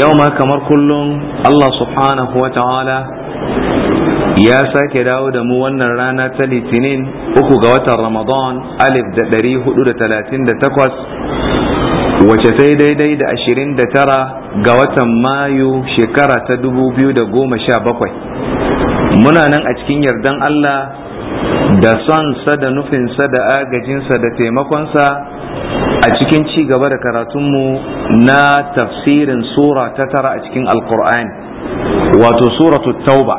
yau ma kamar kullum Allah subhanahu wa ta'ala ya sake dawo da mu wannan rana ta litinin uku ga watan ramadan alif da ɗari hudu da talatin da takwas wace sai daidai da ashirin da tara ga watan mayu shekara ta dubu biyu da goma sha bakwai muna nan a cikin yardan Allah da sansa da nufinsa da agajinsa da taimakonsa a cikin ci gaba da karatunmu na tafsirin sura ta tara a cikin alkur'ani wato suratu tauba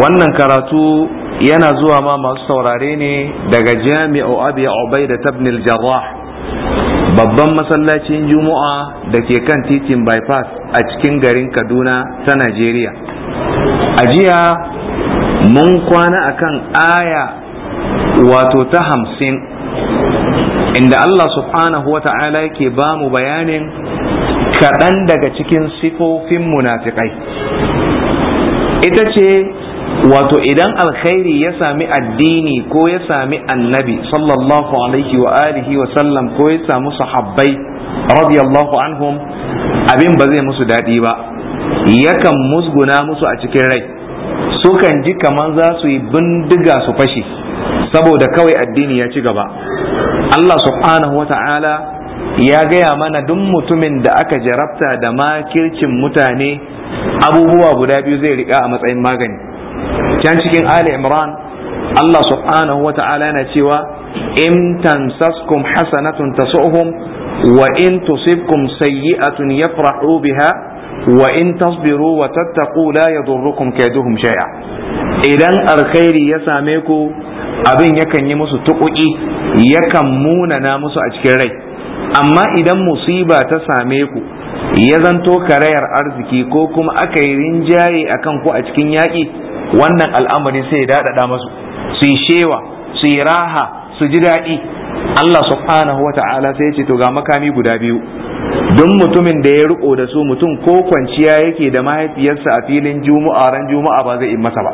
wannan karatu yana zuwa ma masu saurare ne daga jami'u abi ubaida da al-jarrah babban masallacin juma'a da ke kan titin bypass a cikin garin kaduna ta najeriya a jiya mun kwana akan aya wato ta hamsin inda Allah subhanahu wa ta'ala yake ba mu bayanin kaɗan daga cikin sifofin munafiƙai ita ce wato idan alkhairi ya sami addini ko ya sami annabi sallallahu alaihi wa alihi wa sallam ko ya samu sahabbai radiyallahu anhum abin ba zai musu daɗi ba yakan musguna musu a cikin rai sukan ji kamar za su yi bindiga su fashe saboda kawai addini ya ci gaba Allah subhanahu wata'ala ya gaya mana duk mutumin da aka jarabta da makircin mutane abubuwa guda biyu zai rika a matsayin magani can cikin Ali Imran Allah subhanahu wata'ala yana cewa in tansaskum hasanatun tasuhum wa in tusibkum sayyi'atun yafrahu biha wa in tasbiru wa tattaqu la yadurrukum kaiduhum shay'a idan alkhairi ya same ku abin yakan yi musu tuƙuƙi yakan munana musu a cikin rai amma idan musiba ta same ku ya zanto karayar arziki ko kuma aka yi rinjaye akan ku a cikin yaƙi wannan al'amari sai ya daɗaɗa musu, su yi shewa su yi raha su ji daɗi Allah subhanahu wa ta'ala sai ya ce to ga makami guda biyu don mutumin da ya riko da su mutum ko kwanciya yake da mahaifiyarsa a filin juma'a ran juma'a ba zai yi masa ba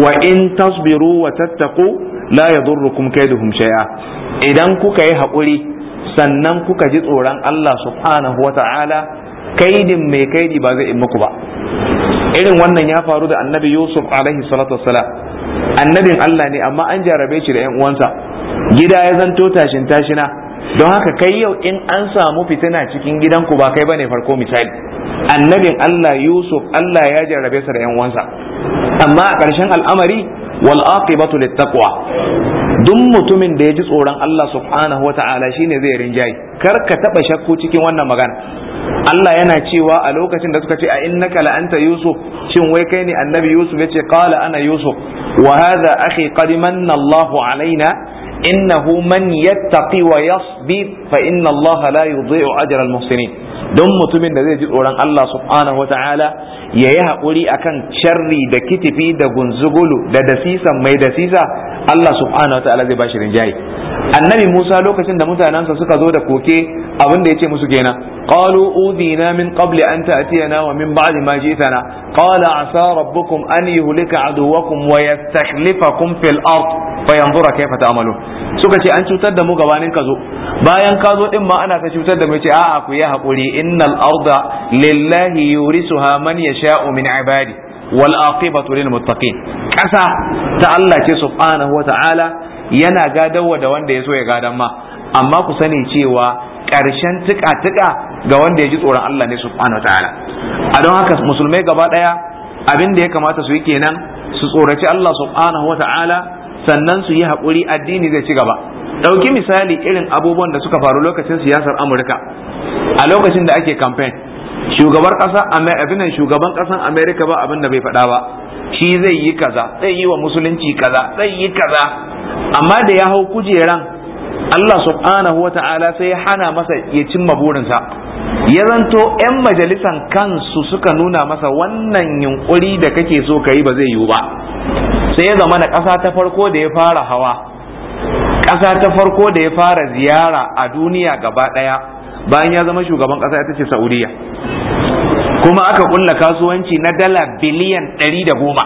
wa in tasbiru wa tattaku la yadurrukum kaiduhum shay'a idan kuka yi haƙuri sannan kuka ji tsoron Allah subhanahu taala kaidin mai kaidi ba zai yi muku ba irin wannan ya faru da annabi Yusuf alaihi salatu wassalam annabin Allah ne amma an jarabe shi da ƴan uwansa gida ya zanto tashin tashina don haka kai yau in an samu fitina cikin gidanku ba kai bane farko misali annabin Allah Yusuf Allah ya jarrabe sa da yan uwansa amma a ƙarshen al'amari wal aqibatu littaqwa duk mutumin da ya ji tsoron Allah subhanahu wata'ala shine zai rinjayi kar ka taba shakku cikin wannan magana Allah yana cewa a lokacin da suka ce a innaka la anta yusuf shin wai kai ne annabi yusuf yace qala ana yusuf wa hadha akhi qad Allahu alaina إنه من يتقي ويصبر فإن الله لا يضيع أجر المحسنين don mutumin da zai ji tsoron Allah subhanahu wa ta'ala ya yi haƙuri akan sharri da kitifi da gunzugulu da dasisan mai dasisa Allah subhanahu wa ta'ala zai bashi rinjaye annabi Musa lokacin da mutanensa suka zo da koke abin da ce musu kenan qalu udina min qabli an ta'tiyana wa min ba'di ma ji'tana qala asa rabbukum an yuhlika aduwakum wa yastakhlifakum fil ard fa yanzura kayfa ta'malun suka ce an cutar da mu gabanin ka zo bayan ka zo din ma ana ta cutar da mu ce a'a ku yi haƙuri innal arda lillahi yurisuha man yasha'u min ibadi wal aqibatu lil muttaqin kasa ta Allah ce subhanahu wata'ala yana gadawa da wanda ya so ya gadan ma amma ku sani cewa ƙarshen tuka-tuka ga wanda ya ji tsoron Allah ne subhanahu wata'ala a don haka musulmai gaba daya abin da ya kamata su yi kenan su tsoraci Allah subhanahu wata'ala sannan su yi haƙuri addini zai ci gaba ɗauki misali irin abubuwan da suka faru lokacin siyasar amurka a lokacin da ake campaign shugaban ƙasa abinan shugaban kasan amerika ba abin da bai faɗa ba shi zai yi kaza zai yi wa musulunci kaza zai yi kaza amma da ya hau kujeran Allah subhanahu wa ta'ala sai ya hana masa ya cimma burinsa ya zanto 'yan majalisan kansu suka nuna masa wannan yunkuri da kake so ka yi ba zai yiwu ba sai ya zama na ƙasa ta farko da ya fara hawa ƙasa ta farko da ya fara ziyara a duniya gaba ɗaya bayan ya zama shugaban ƙasa ita ce saudiya kuma aka ƙulla kasuwanci na dala biliyan ɗari da goma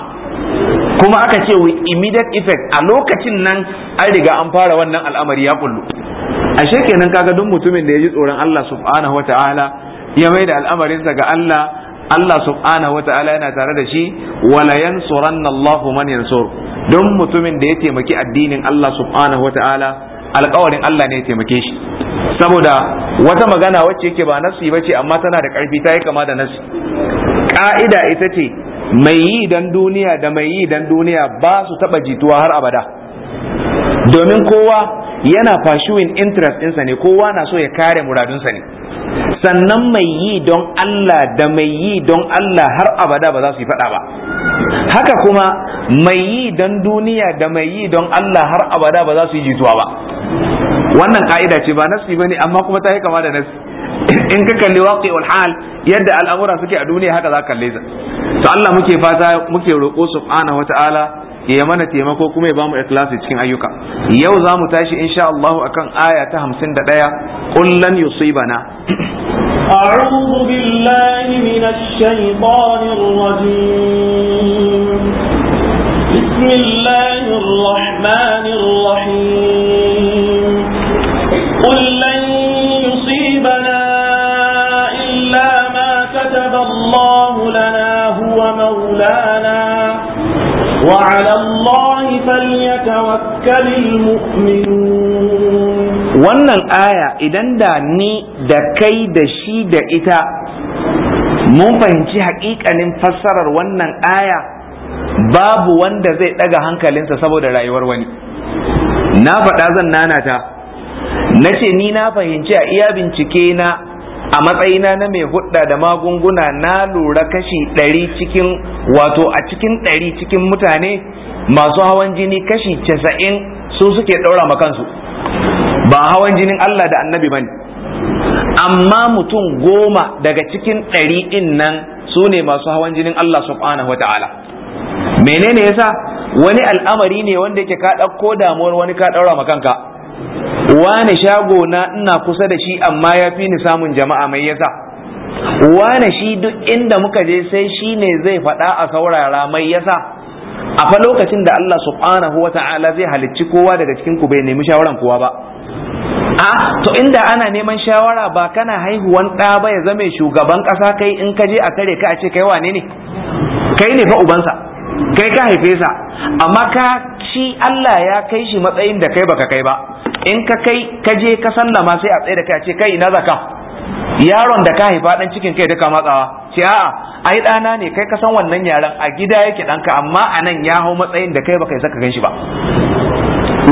kuma aka ce with immediate effect a lokacin nan an riga an fara wannan al'amari ya kullu ashe kenan kaga duk mutumin da ya ji tsoron Allah subhanahu wataala ya mai da al'amarinsa ga Allah Allah subhanahu ta'ala yana tare da shi la yansuranna Allah man yansur don mutumin da ya taimaki addinin Allah subhanahu ta'ala, alƙawarin Allah ne ya taimake shi saboda wata magana wacce yake ba nasi bace amma tana da ƙarfi ta yi kama da nasi ka'ida ita ce mai yi dan duniya da mai yi dan duniya ba su taba jituwa har abada domin kowa yana pursuing interest ɗinsa ne kowa na so ya kare muradunsa ne sannan mai yi don Allah da mai yi don Allah har abada ba za su yi faɗa ba haka kuma mai yi don duniya da mai yi don Allah har abada ba za su yi jituwa ba wannan ka'ida ce ba nasi ne, amma kuma ta yi kama da nasi in ka kalli waqi ulhal hal yadda al'amura suke a duniya haka za ka kalle to Allah muke fata muke roƙo subhanahu ta'ala. ya mana taimako kuma ya bamu ikhlasi cikin ayyuka yau za mu tashi insha Allah akan aya ta 51 qul lan yusibana أعوذ بالله من الشيطان الرجيم بسم الله الرحمن الرحيم قل لن وعلى الله فليتوكل المؤمنون wannan aya idan da ni da kai da shi da ita mun fahimci haƙiƙanin fassarar wannan aya babu wanda zai ɗaga hankalinsa saboda rayuwar wani na faɗa zan nanata na ce ni na fahimci a iya bincike na a matsayina na mai hudda da magunguna na lura kashi ɗari cikin wato a cikin ɗari cikin mutane masu hawan jini kashi casa'in su suke ɗaura makansu, ba hawan jinin Allah da annabi bane amma mutum goma daga cikin ɗari in nan su ne masu hawan jinin Allah subhanahu wa ta'ala menene yasa wani al'amari ne wanda yake ka ɗauko damuwar wani ka ɗaura makanka? wane shago na ina kusa da shi amma ya fi ni samun jama'a mai yasa wane shi duk inda muka je sai shi ne zai faɗa a saurara mai yasa a fa lokacin da Allah subhanahu wa ta'ala zai halicci kowa daga cikin ku bai nemi shawaran kowa ba a to inda ana neman shawara ba kana haihuwan ɗa ba ya zame shugaban ƙasa kai in ka je a kare ka a ce kai wane ne kai ne fa ubansa kai ka haife sa amma ka shi Allah ya kai shi matsayin da kai baka kai ba in ka kai ka je ka sallama sai a tsaye da kai a ce kai na zaka yaron da ka haifa dan cikin kai duka matsawa ce a'a ai ɗana ne kai ka san wannan yaron a gida yake ɗanka amma a nan ya hau matsayin da kai baka yi saka ganshi ba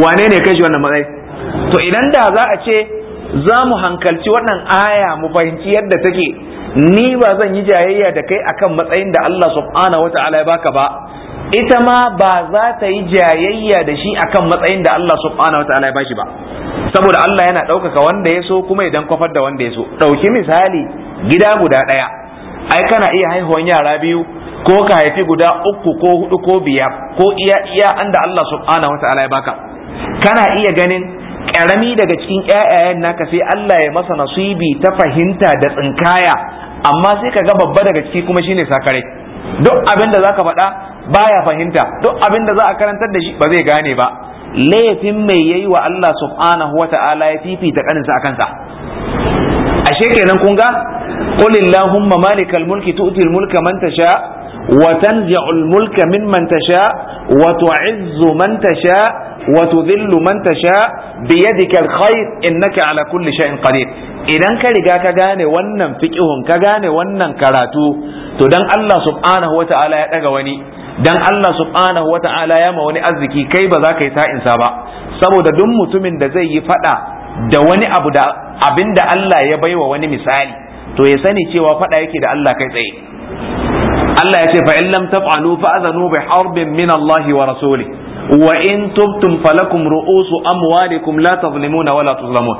wane ne kai shi wannan matsayi to idan da za a ce za mu hankalci wannan aya mu fahimci yadda take ni ba zan yi jayayya da kai akan matsayin da Allah subhanahu wata'ala ya baka ba ita ma ba za ta yi jayayya da shi akan matsayin da Allah subhanahu wa ta'ala ya bashi ba saboda Allah yana ɗaukaka wanda ya so kuma idan kwafar da wanda ya so ɗauki misali gida guda ɗaya ai kana iya haihuwan yara biyu ko ka haifi guda uku ko hudu ko biyar ko iya iya an Allah subhanahu wa ta'ala ya baka kana iya ganin karami daga cikin ƴaƴayen naka sai Allah ya masa nasibi ta fahimta da tsinkaya amma sai ka ga babba daga ciki kuma shine sakare duk abin da zaka faɗa baya fahimta duk abin da za a karantar da shi ba zai gane ba laifin mai yayi wa Allah subhanahu wa ta'ala ya fifita kaninsa a kansa ashe kenan kun ga qul illahumma malikal mulki tu'til mulka man tasha wa tanzi'ul mulka mimman tasha wa tu'izzu man tasha wa tudhillu man tasha biyadika alkhair innaka ala kulli shay'in qadir idan ka riga ka gane wannan fiqihun ka gane wannan karatu to dan Allah subhanahu wa ta'ala ya daga wani dan Allah subhanahu wata'ala ya ma wani arziki kai ba za ka yi sa'insa ba saboda duk mutumin da zai yi fada da wani abu da abinda Allah ya baiwa wani misali to ya sani cewa fada yake da Allah kai tsaye Allah ya ce fa in lam taf'alu fa bi harbin min Allah wa Rasuli. wa in tubtum falakum ru'usu amwalikum la tazlimuna wala tuzlamun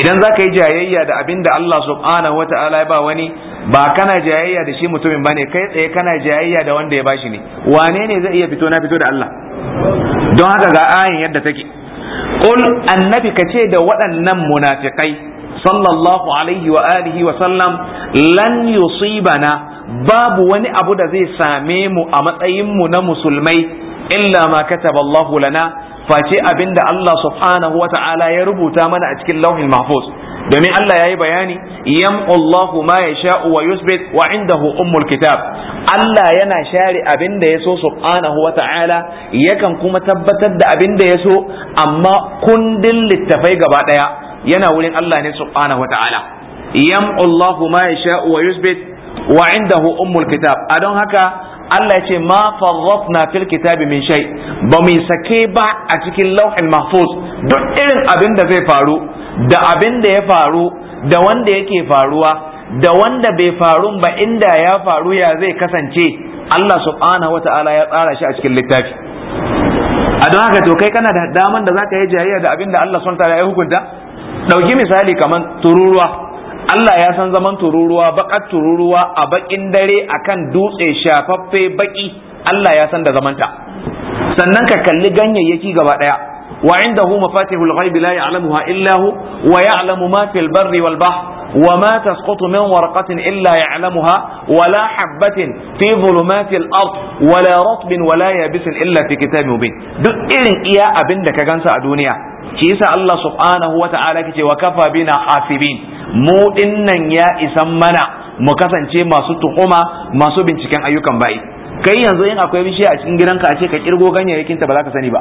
idan zaka yi jayayya da abinda Allah subhanahu wata'ala ya ba wani ba kana jayayya da shi mutumin bane kai tsaye kana jayayya da wanda ya bashi ne wane ne zai iya fito na fito da Allah don haka ga ayin yadda take qul annabi kace da waɗannan munafikai sallallahu alaihi wa alihi wa sallam lan yusibana babu wani abu da zai same mu a matsayin mu na musulmai illa ma kataba Allah lana face abinda Allah subhanahu wa ta'ala ya rubuta mana a cikin lauhin mahfuz domin Allah ya yi bayani yamqu Allahu ma yasha'u wa yusbit wa indahu ummul kitab Allah yana share abin da yaso subhanahu wa ta'ala yakan kuma tabbatar da abin da yaso amma kundin littafai gaba daya yana wurin Allah ne subhanahu wa ta'ala yamqu Allahu ma yasha'u wa yusbit wa indahu ummul kitab a don haka Allah ya ce ma farrafna fil kitabi min shay ba mu sake ba a cikin lauhin mahfuz duk irin abin da zai faru da abin da ya faru da wanda yake faruwa da wanda bai faru ba inda ya faru ya zai kasance Allah subhanahu wata'ala ya tsara shi a cikin littafi a don haka to kai kana da daman da zaka yi jayayya da abin da Allah subhanahu ya hukunta dauki misali kaman tururuwa Allah ya san zaman tururuwa baƙar tururuwa a baƙin dare akan dutse shafaffe baƙi Allah ya san da zamanta sannan ka kalli ganyayyaki gaba ɗaya wa indahu mafatihul ghaibi la ya'lamuha illa hu wa ya'lamu ma fil barri wal bahr wa ma tasqutu min warqatin illa ya'lamuha wa la habatin fi dhulumatil ard wa la ratbin wa la yabisin illa fi kitabin mubin duk irin iya abin da ka gansa a duniya Ki yasa Allah subhanahu wa ta'ala kace wa kafa bina hasibin mu dinnan ya isan mana mu kasance masu tuhuma masu binciken ayyukan bai. kai yanzu in akwai bishiya a cikin gidanka a ce ka kirgo ganyayyakin ta ba za ka sani ba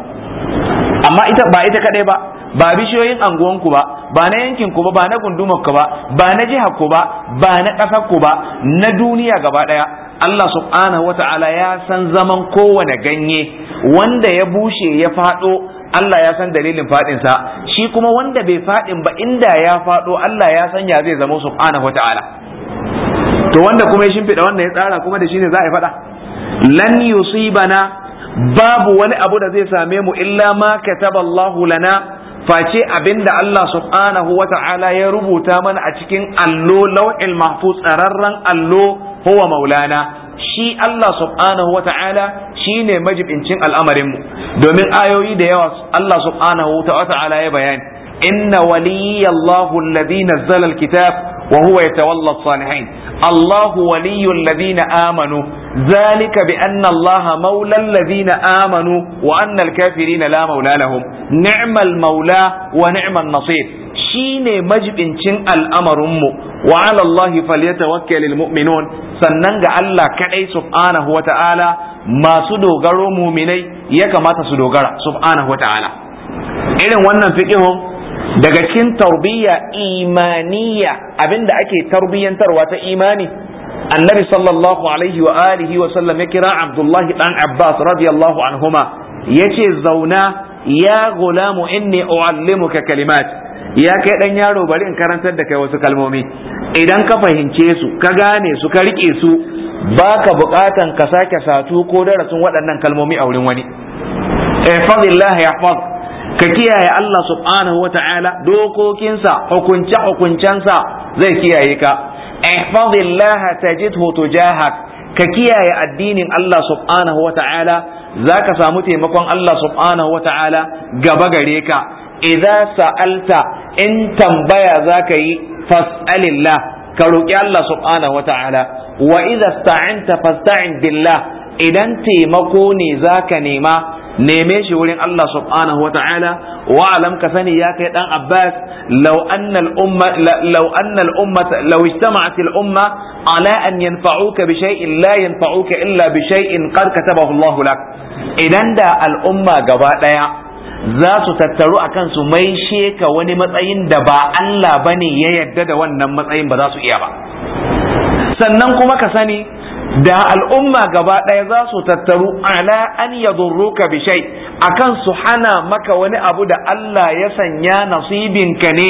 amma ita ba ita kadai ba ba bishiyoyin anguwanku ba ba na yankin ku ba ba na gundumar ku ba ba na jihar ku ba ba na ƙasar ku ba na duniya gaba daya Allah subhanahu wata'ala ya san zaman kowane ganye wanda ya bushe ya fado. Allah ya san dalilin faɗinsa sa shi kuma wanda bai faɗin ba inda ya faɗo, Allah ya san ya zai zama subhanahu wataala to wanda kuma ya shimfiɗa wanda ya tsara kuma da ne za a fada lan yusibana babu wani abu da zai same mu illa ma kataballahu lana face abin da Allah subhanahu wa ta'ala ya rubuta mana a cikin allo lau'in mahfuz tsararren allo huwa maulana shi Allah subhanahu wa ta'ala shi ne majibincin al’amarinmu domin ayoyi da yawa Allah subhanahu wa ya bayani inna waliyyi Allahu alladhi nazzala alkitab wa huwa yatawalla as-salihin Allahu waliyyu alladhina amanu zalika bi annallaha Allaha mawla amanu wa anna al-kafirina la mawla lahum ni'mal mawla wa ni'man nasir shine majibincin al'amarinmu. wa fal allahi falyatawakkalul mu'minun sannan ga Allah kadai subhanahu wa ta'ala masu dogaro muminai ya kamata su dogara subhanahu wa ta'ala irin wannan fiqihun daga cikin tarbiyya imaniya abinda ake tarbiyyantarwa ta imani annabi sallallahu alaihi wa alihi wa sallam ya kira abdullahi dan abbas radiyallahu anhuma yace zauna ya gulamu inni uallimuka kalimat ya kai dan yaro bari in karantar da kai wasu kalmomi idan ka fahimce su ka gane su ka rike su baka bukatan ka sake satu ko darasin waɗannan kalmomi a wurin wani ya yahfaz ka kiyaye Allah subhanahu wa dokokinsa hukunce hukuncensa zai kiyaye ka ihfazillah tajidhu tujahak ka kiyaye addinin Allah subhanahu wa zaka samu taimakon Allah subhanahu wa gaba gare ka idza sa'alta in tambaya za ka yi fas'alillah ka roƙi Allah subhanahu wata'ala wa idza sta'anta fasta'in billah idan taimako ne za ka nema neme shi wurin Allah subhanahu wata'ala wa alam ka sani ya kai dan Abbas law anna al umma law anna al ummata law ijtama'at al umma ala an yanfa'uka bi shay'in la yanfa'uka illa bi shay'in qad katabahu Allah lak idan da al umma gaba daya za su tattaru a kansu mai sheka wani matsayin da ba Allah ba ne ya yarda da wannan matsayin ba za su iya ba sannan kuma ka sani da al'umma gaba ɗaya za su tattaru ala an yadurruka bi shay akan su hana maka wani abu da Allah ya sanya nasibinka ne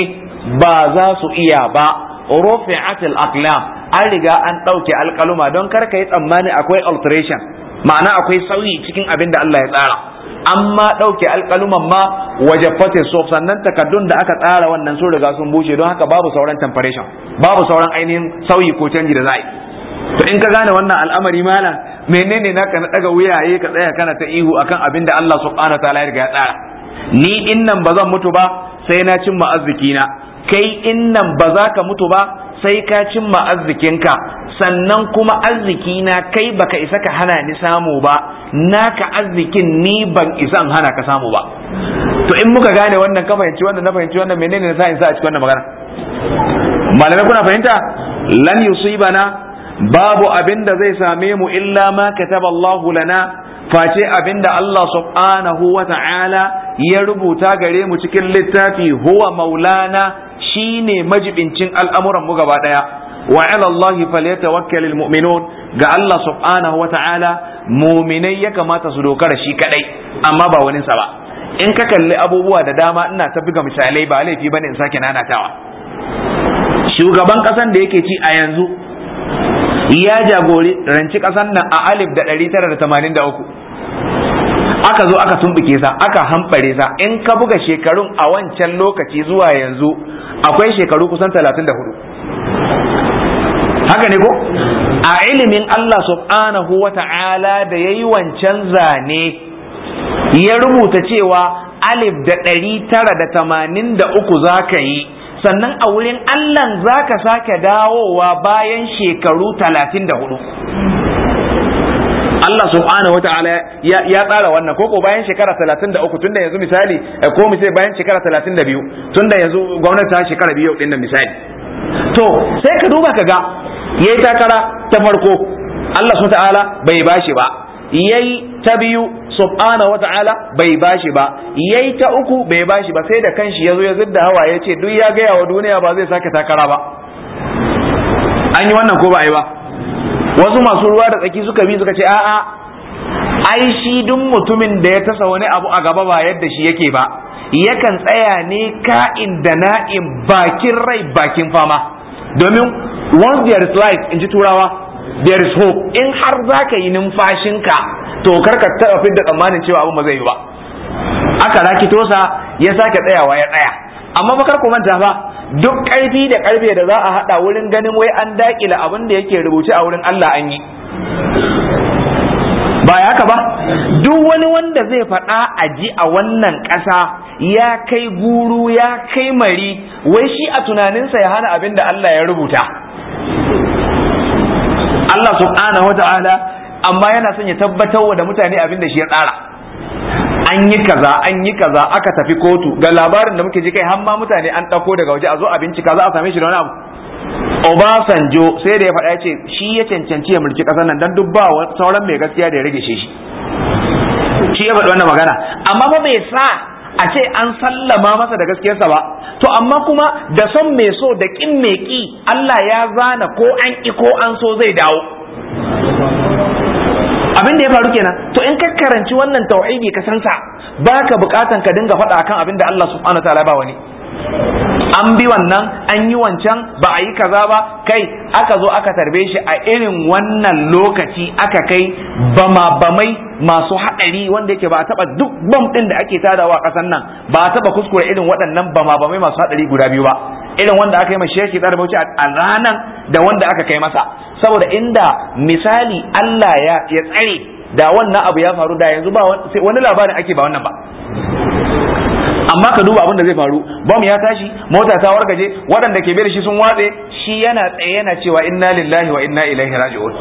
ba za su iya ba rufi'atil aqlam an riga an ɗauke alƙaluma don kar ka yi tsammani akwai alteration ma'ana akwai sauyi cikin abin da Allah ya tsara amma ɗauke alƙaluman ma waje fatin sannan takardun da aka tsara wannan sun riga sun bushe don haka babu sauran temperation babu sauran ainihin sauyi ko canji da za yi to in ka gane wannan al'amari mala menene naka na daga wuyaye ka tsaya kana ta ihu akan abin da Allah subhanahu wataala ya riga ya tsara ni innan ba zan mutu ba sai na cimma arziki na kai innan ba za ka mutu ba sai ka cimma arzikinka sannan kuma arziki na kai baka isa ka hana ni samu ba naka arzikin ni ban isa in hana ka samu ba to in muka gane wannan ka fahimci wannan na fahimci wannan menene na sa in sa a cikin wannan magana malamai kuna fahimta lan yusibana babu abin da zai same mu illa ma kataba Allahu lana face abin da Allah subhanahu wa ta'ala ya rubuta gare mu cikin littafi huwa maulana Shi ne majibincin al'amuran mu gaba daya wa ala Allah falyatawakkal mu'minun ga Allah subhanahu wa ta'ala mu'minai ya kamata su dokara shi kadai amma ba wani sa ba in ka kalli abubuwa da dama ina ta buga misalai ba laifi bane in sake nanatawa shugaban kasan da yake ci a yanzu ya jagori ranci kasan nan a alif da 1983 aka zo aka tumbuke sa aka hambare sa in ka buga shekarun a wancan lokaci zuwa yanzu akwai shekaru kusan talatin haka ne ko a ilimin Allah subhanahu wa ta'ala da ya yi wancan zane ya rubuta cewa alif da ɗari tara da tamanin da uku za ka yi sannan a wurin allah za ka sake dawowa bayan shekaru talatin da hudu Allah subhanahu wataala ya tsara wannan ko ko bayan shekara 33 tunda yanzu misali eh, ko mu ce bayan shekara 32 tunda yanzu gwamnati ta shekara biyu din nan misali to sai ka duba ka ga yayi takara ta farko Allah subhanahu wataala bai bashi ba yayi ta biyu subhanahu wataala bai bashi ba yayi ta uku bai bashi ba sai da kanshi yazo ya zidda hawa yace duk ya gaya wa duniya ba zai sake takara ba an yi wannan ko ba yi ba wasu masu ruwa da tsaki suka bi suka ce a'a ai shi duk mutumin da ya tasa wani abu a gaba ba yadda shi yake ba yakan tsaya ne ka'in da na'in bakin rai bakin fama domin once there is life in ji turawa there is hope in har za ka yi numfashinka to kar ka taɓa fidda tsammanin cewa abu ba zai yi ba aka raki tosa ya sake tsayawa ya tsaya amma ba kar ku manta ba duk ƙarfi da ƙarfe da za a haɗa wurin ganin wai an daƙila abin da yake rubuce a wurin Allah an yi ba ya haka ba duk wani wanda zai faɗa a ji a wannan ƙasa ya kai guru ya kai mari wai shi a tunaninsa ya hana abin da Allah ya rubuta Allah subhanahu wa ta'ala amma yana son ya tabbatar wa da mutane abin da shi ya tsara an yi kaza an yi kaza aka tafi kotu ga labarin da muke ji kai hamma mutane an ɗauko daga waje a zo abinci kaza a same shi da wani abu Obasanjo sai da ya faɗa ce shi ya cancanci ya mulki ƙasar nan don duk ba sauran mai gaskiya da ya rage shi shi ya faɗi wannan magana amma ba mai sa a ce an sallama masa da gaskiyarsa ba to amma kuma da son mai so da ƙin mai ƙi Allah ya zana ko an ƙi ko an so zai dawo abin da ya faru kenan to in ka karanci wannan tauhidi ka san sa baka bukatan ka dinga faɗa akan abin da Allah subhanahu wataala ba wani an bi wannan an yi wancan ba a yi kaza ba kai aka zo aka tarbe shi a irin wannan lokaci aka kai bama bamai masu haɗari wanda yake ba a taɓa duk bam ɗin da ake tadawa a ƙasar nan ba a taɓa kuskure irin waɗannan bama bamai masu haɗari guda biyu ba irin wanda aka yi ma sheki da bauchi a ranan da wanda aka kai masa saboda inda misali Allah ya tsare da wannan abu ya faru da yanzu ba wani labarin ake ba wannan ba amma ka duba abin da zai faru bom ya tashi mota ta wargaje waɗanda ke bai da shi sun watse shi yana tsaye yana cewa inna lillahi wa inna ilaihi raji'un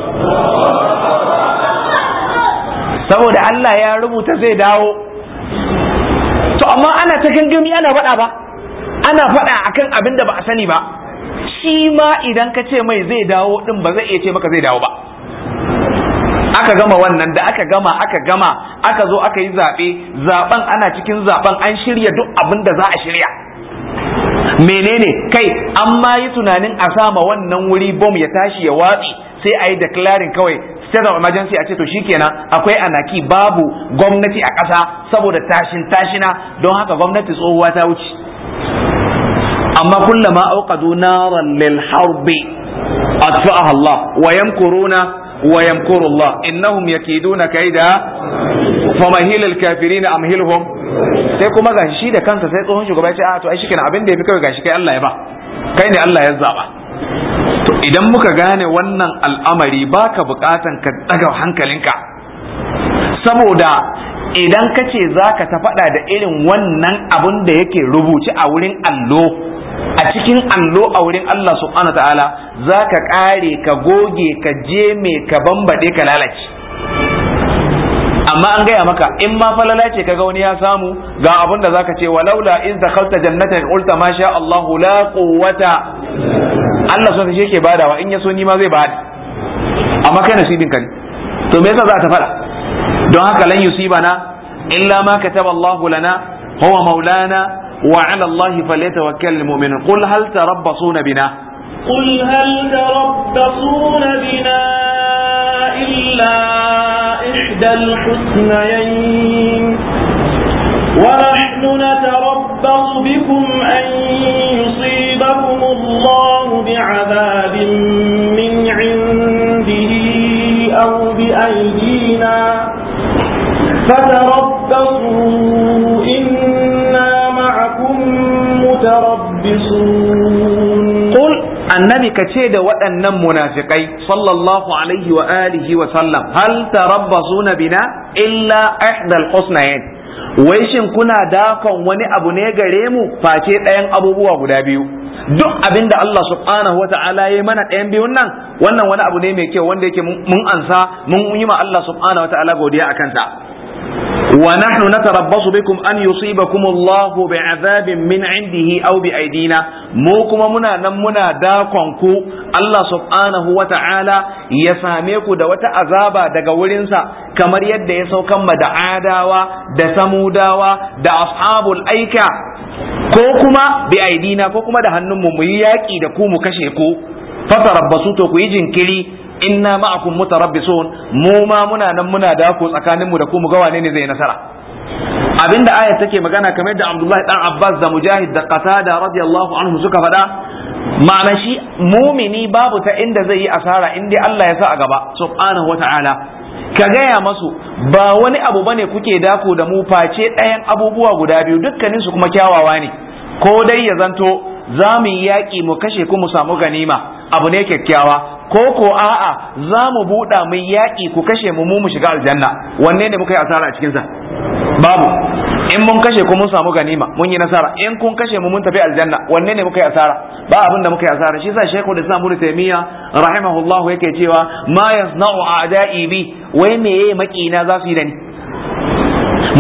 saboda Allah ya rubuta zai dawo to amma ana ta gangami ana faɗa ba ana faɗa akan abin da ba a sani ba shi ma idan ka ce mai zai dawo din ba zai iya ce maka zai dawo ba aka gama wannan da aka gama aka gama aka zo aka yi zaɓe zaɓen ana cikin zaɓen an shirya duk abin da za a shirya menene kai an ma yi tunanin a sama wannan wuri bom ya tashi ya watsi sai a yi declaring kawai state of emergency a ce to shi kenan akwai anaki babu gwamnati a ƙasa saboda tashin tashina don haka gwamnati tsohuwa ta wuce amma kullama auqadu naran lil harbi atfa'aha Allah wa yamkuruna ويمكر الله إنهم يكيدون كيدا فمهل الكافرين أمهلهم sai kuma gashi shi da kansa sai tsohon shugaba ya ce a ah, to ai shikenan abin da yafi kawai gashi kai Allah ya ba kai ne Allah ya zaba to idan muka gane wannan al'amari baka bukatan ka daga hankalinka saboda idan kace zaka ta faɗa da irin wannan abun da yake rubuci a wurin allo a cikin allo a wurin Allah subhanahu ta'ala za ka ƙare ka goge ka je mai ka bambaɗe ka lalace amma an gaya maka in ma falala ce kaga wani ya samu ga abin da zaka ce walaula in dakhalta jannatan qulta ma sha Allah la quwwata Allah sun shi yake badawa in ya so ni ma zai bada amma kai nasibin ka ne to me yasa za ta fada don haka lan yusibana illa ma kataba Allah lana huwa maulana وعلى الله فليتوكل المؤمنون قل هل تربصون بنا قل هل تربصون بنا إلا إحدى الحسنيين ونحن نتربص بكم أن يصيبكم الله بعذاب من عنده أو بأيدينا فتربصوا annabi ka ce da waɗannan munafikai sallallahu alaihi wa alihi wa sallam hal tarabbasuna bina illa ihdal husnayn wai shin kuna dakon wani abu ne gare mu face ɗayan abubuwa guda biyu duk abin da Allah subhanahu wa ta'ala ya mana ɗayan biyun nan wannan wani abu ne mai kyau wanda yake mun ansa mun yi ma Allah subhanahu wa ta'ala godiya akan ta ونحن نتربص بكم أن يصيبكم الله بعذاب من عنده أو بأيدينا موكما منا نمنا داكونكو الله سبحانه وتعالى يساميكو دوات أذابا دقولنسا كما يد يسوكم دا عاداوا دا سموداوا دا أصحاب الأيكة كوكما بأيدينا كوكما دا هنمو مياكي دا كومو كشيكو fatarabbasu to ku yi jinkiri inna ma'akum mutarabbisun mu ma muna nan muna dako tsakanin mu da ku mu ga wane ne zai nasara abinda ayat take magana kamar da Abdullahi dan Abbas da Mujahid da Qatada radiyallahu anhu suka faɗa ma'ana shi mumini babu ta inda zai yi asara in Allah ya sa a gaba subhanahu wata'ala ka gaya masu ba wani abu bane kuke dako da mu face ɗayan abubuwa guda biyu dukkanin su kuma kyawawa ne ko dai ya zanto za mu yi yaƙi mu kashe ku mu samu ganima abu ne kyakkyawa ko ko a'a za mu buɗa mu yaƙi ku kashe mu mu shiga aljanna wanne ne muka yi asara a cikinsa babu in mun kashe ku mun samu ganima mun yi nasara in kun kashe mu mun tafi aljanna wanne ne muka yi asara ba abin da muka yi asara shi yasa shaykhul islam ibn taymiya rahimahullahu yake cewa ma yasna'u a'da'i bi wai me meye makina za su yi da ni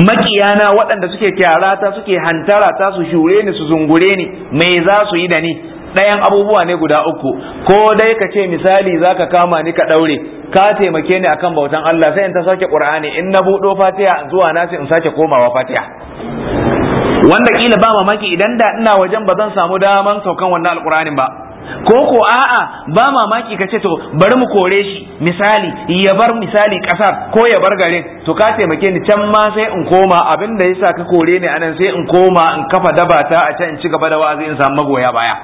makiyana waɗanda suke kyarata suke hantara ta su shure ni su zungure ni me za su yi da ni ɗayan abubuwa ne guda uku ko dai ka ce misali zaka kama ni ka ɗaure ka taimake ni akan bautan Allah sai in ta sake Qur'ani in na buɗo Fatiha zuwa na in sake komawa Fatiha wanda kila ba mamaki idan da ina wajen ba zan samu daman saukan wannan alƙur'anin ba ko ko a'a ba mamaki ka ce to bari mu kore shi misali ya bar misali kasar ko ya bar garin to ka taimake ni can ma sai in koma abin da yasa ka kore ni anan sai in koma in kafa dabata a can in ci gaba da wa'azi in samu magoya baya